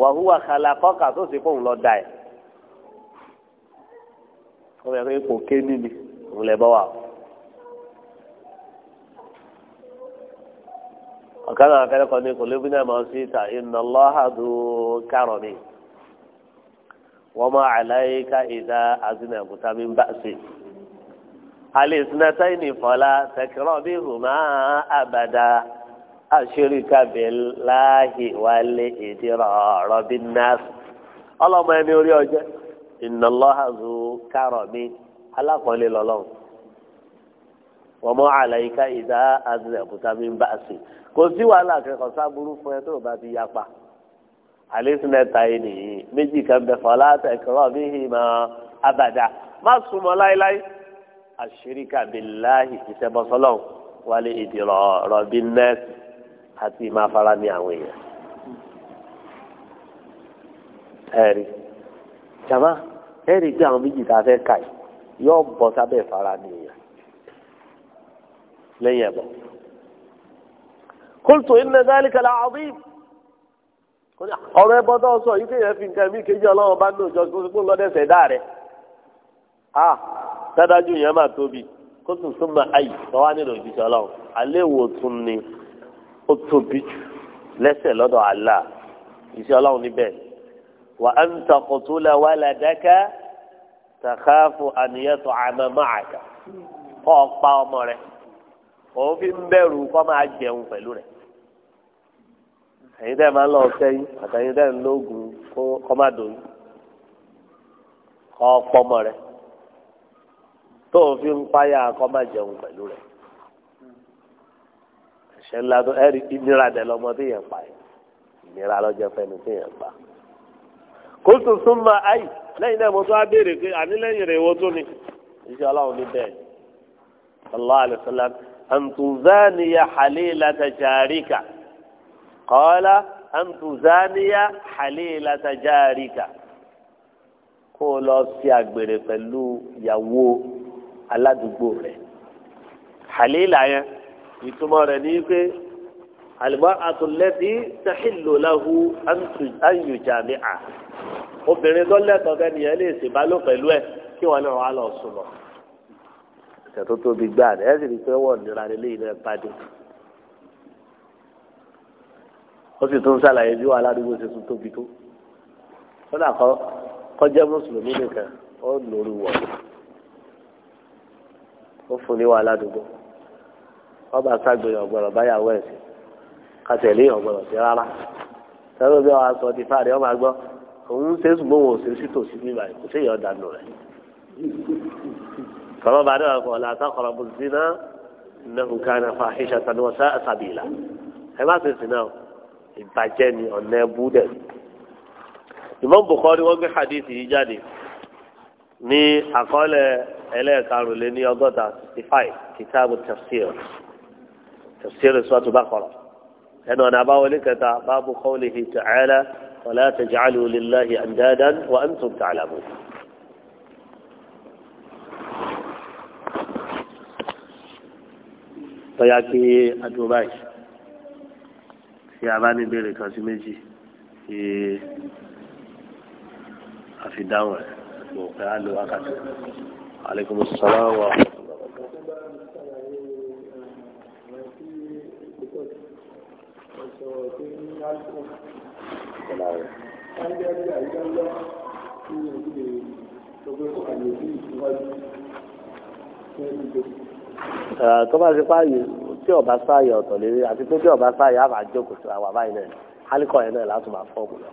wàhùwà kálàkọ́kà tó sì fóun lọ dà ẹ̀ ọmọ ẹ̀rọ ipò kéènì ni òun lè bọ́ wà ọ̀kadà akẹ́rẹ́ kan ní kòlébí náà máa ń sí ta iná lọ́hàdù kárọ̀ ni wọ́n máa àlàyé ká ìdá àdínà kúta mi ń bá sí. alẹ́ sinata yìí ní fọlá tẹkẹrọ bí hùmá àbàdà àṣírìkà bíláhì wálé ìdírọ̀ rọ́bì náà. ọlọ́mọ kò sí wàhálà kẹ́kọ̀ọ́ sábúrú fún ẹ tó o bá ti yapa àlésìmẹ́ta yìí nìyí méjì kan bẹ fọlá tẹkọrọ bí hìmọ abàdà má súnmọ́ láéláé àṣíríkà bíláhì ìṣẹ́bọ̀sọ́lọ́ wálé ìdìrọ̀ rọ̀bì nẹ́ẹ̀sì àti ìmáfara ní àwọn èèyàn. ẹ̀rí jàmá ẹ̀rí pé àwọn méjì tá a fẹ́ kà yìí yóò bọ́ sábẹ́ ìfara ní èèyàn lẹ́yìn ẹ̀bọ̀n kóòtù إن dáríkà la àbí ọ̀rọ̀ ẹbọ tó sọ yìí kéèyàn fi nǹkan mí kejì Ọlọ́run bá ní òjò tó kó lọdẹsẹ dá rẹ a dádájú yẹn máa tóbi kóòtù súnmọ́ ayì tó wá nílò òjijì Ọlọ́run alẹ́ wo tún ni ó tóbi jù lẹ́sẹ̀ lọ́dọ̀ Allah ìṣe Ọlọ́run níbẹ̀ wà á ń takòtò la wà ládàkà tàkàfù àníyàtọ̀ àmàmáàkà kọ́ ọ pa ọmọ rẹ̀ òun fi ń bẹ̀rù kọ́ máa jẹun pẹ̀lú rẹ̀ ẹ̀yin tẹ́ máa ń lọ sẹ́yìn àtẹ̀yin tẹ́ ń lóògùn kó kọ́ má dòun kọ́ pọ́mọ rẹ̀ tó o fi ń páyà kọ́ má jẹun pẹ̀lú rẹ̀ ẹ̀ṣẹ̀ ńlá tó ẹ̀rí ìnira dẹ̀ lọ́mọ tó yẹn pa yẹn ìnira lọ́jọ́ fẹ́ni tó yẹn pa kó tó súnmọ́ ayì lẹ́yìn náà mo tún á béèrè pé àní lẹ́yìn rẹ̀ wo tún ni iṣẹ́ ọlọ́run ní bẹ́ẹ̀ ni ọlọ́run àlùfẹ́lá أن تزاني حليلة جارك قال أن تزاني حليلة جارك kó lọ sí agbèrè pẹ̀lú ìyàwó aládùúgbò rẹ̀ halila yẹn ìtumọ̀ rẹ̀ ní pé almar'atu allati tahillu lahu an yujami'a obìnrin tó lẹ́tọ̀ọ́ kẹ́niyàn lè ṣèbálò pẹ̀lú ẹ̀ kí wọ́n náà wà lọ sùn lọ ẹ̀ṣẹ̀ tó tóbi gbáà ẹ̀ sì rí pé wọ́n nira nílé ilẹ̀ pàdé ó sì tún ṣàlàyé bí wàhálà àdúgbò ṣe tún tóbi tó kódà kọ́ kọjá mùsùlùmí nìkan ó lórí wọ̀ ó fún ní wàhálà àdúgbò wọ́n bá ságbéyàn ọ̀gbọ̀rọ̀ báyàwó ẹ̀sìn kàtẹ̀lé ọ̀gbọ̀rọ̀ sí rárá sọ́dọ̀ bí wàá sọ ti fáàrí ọmọ àgbọ̀ òun ṣe é ṣùgbọ́n òun ò ṣe é sí tòsí nígbà kò sí ìyọ̀ dànù rẹ̀ kọ́mọ́ bá dáwà kọ́ la sàkọ̀rọ̀ bó zina innahu kana fahishatan wa sa'a sabila ẹ má ṣe zina o ìbàjẹ́ ni ọ̀nà ẹbú dẹ̀. Imam Bukhari wọ́n gbé hadith yìí jáde ní àkọọ́lẹ̀ ẹlẹ́ẹ̀karùnléní ọgọ́ta sixty five kitabu tafsir tafsir sọ́tù Baqara ẹnu ọ̀nà àbáwọlé kẹta báàbù qawlihi ta'ala wa la taj'alu lillahi andadan wa antum ta'lamun. tọ́yá kí adúró báyìí tí a bá ní ìbéèrè kan sí méjì kí a fi dáhùn ẹ̀ mo fẹ́ á lo wákàtí aleykum salaam wa Thank you. Eh, tó bá tí ọba sáyè ọ̀tọ̀ lérí àti pé tí ọba sáyè àbá jókòó sí àwa báyìí náà alikọ yẹn náà látò máa fọ́ọ̀mù lọ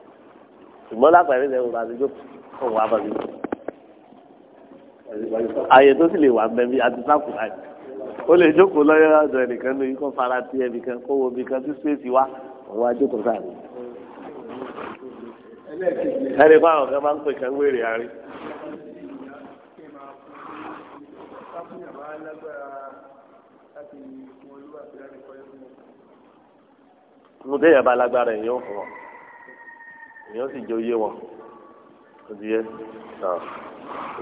ṣùgbọ́n lápẹ̀rẹ̀ lẹ́yìn ọba àti jókòó ọ̀hún abọ́bí àyè tó sì lè wà mẹ́bí àti sáàkù láti ó lè jókòó lọ́yọ́ ọ̀dọ̀ ẹnìkan ní kó fara ti ẹnìkan kó wo ibìkan tí spéèsì wá òun ajókòó sáré ẹnì fún kan máa mo yẹn bá lágbára èyí ó fún ọ èyí sì jẹ oyé wọn ó yẹ náà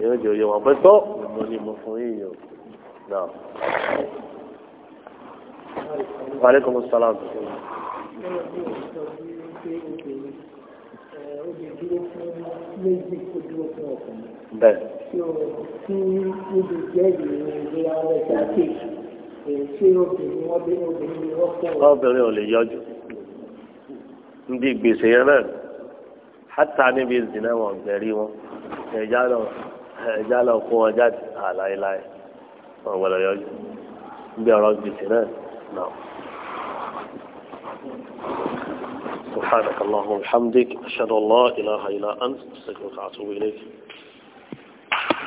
èyí ó jẹ wọn pẹ tó mo ní mo fún yìí o náà. Aleykum salaam. Bẹ́ẹ̀. Tí ibi jẹ́ ìrìn ìrìn àwọn ẹ̀ka kéèkì, èyí obìnrin wọ́n bí obìnrin wọ́n fún Obìnrin ò lè yọjú. ń di gbèsè yẹn náà hátà níbi ìsìn náà wọn gbẹ̀rí wọn ẹ̀já lọ ẹ̀já lọ kó wọn jáde àláéláé wọn gbọdọ̀ yọjú níbi ọ̀rọ̀ gbèsè náà náà. سبحانك اللهم وبحمدك أشهد أن لا إله إلا أنت أستغفرك وأتوب إليك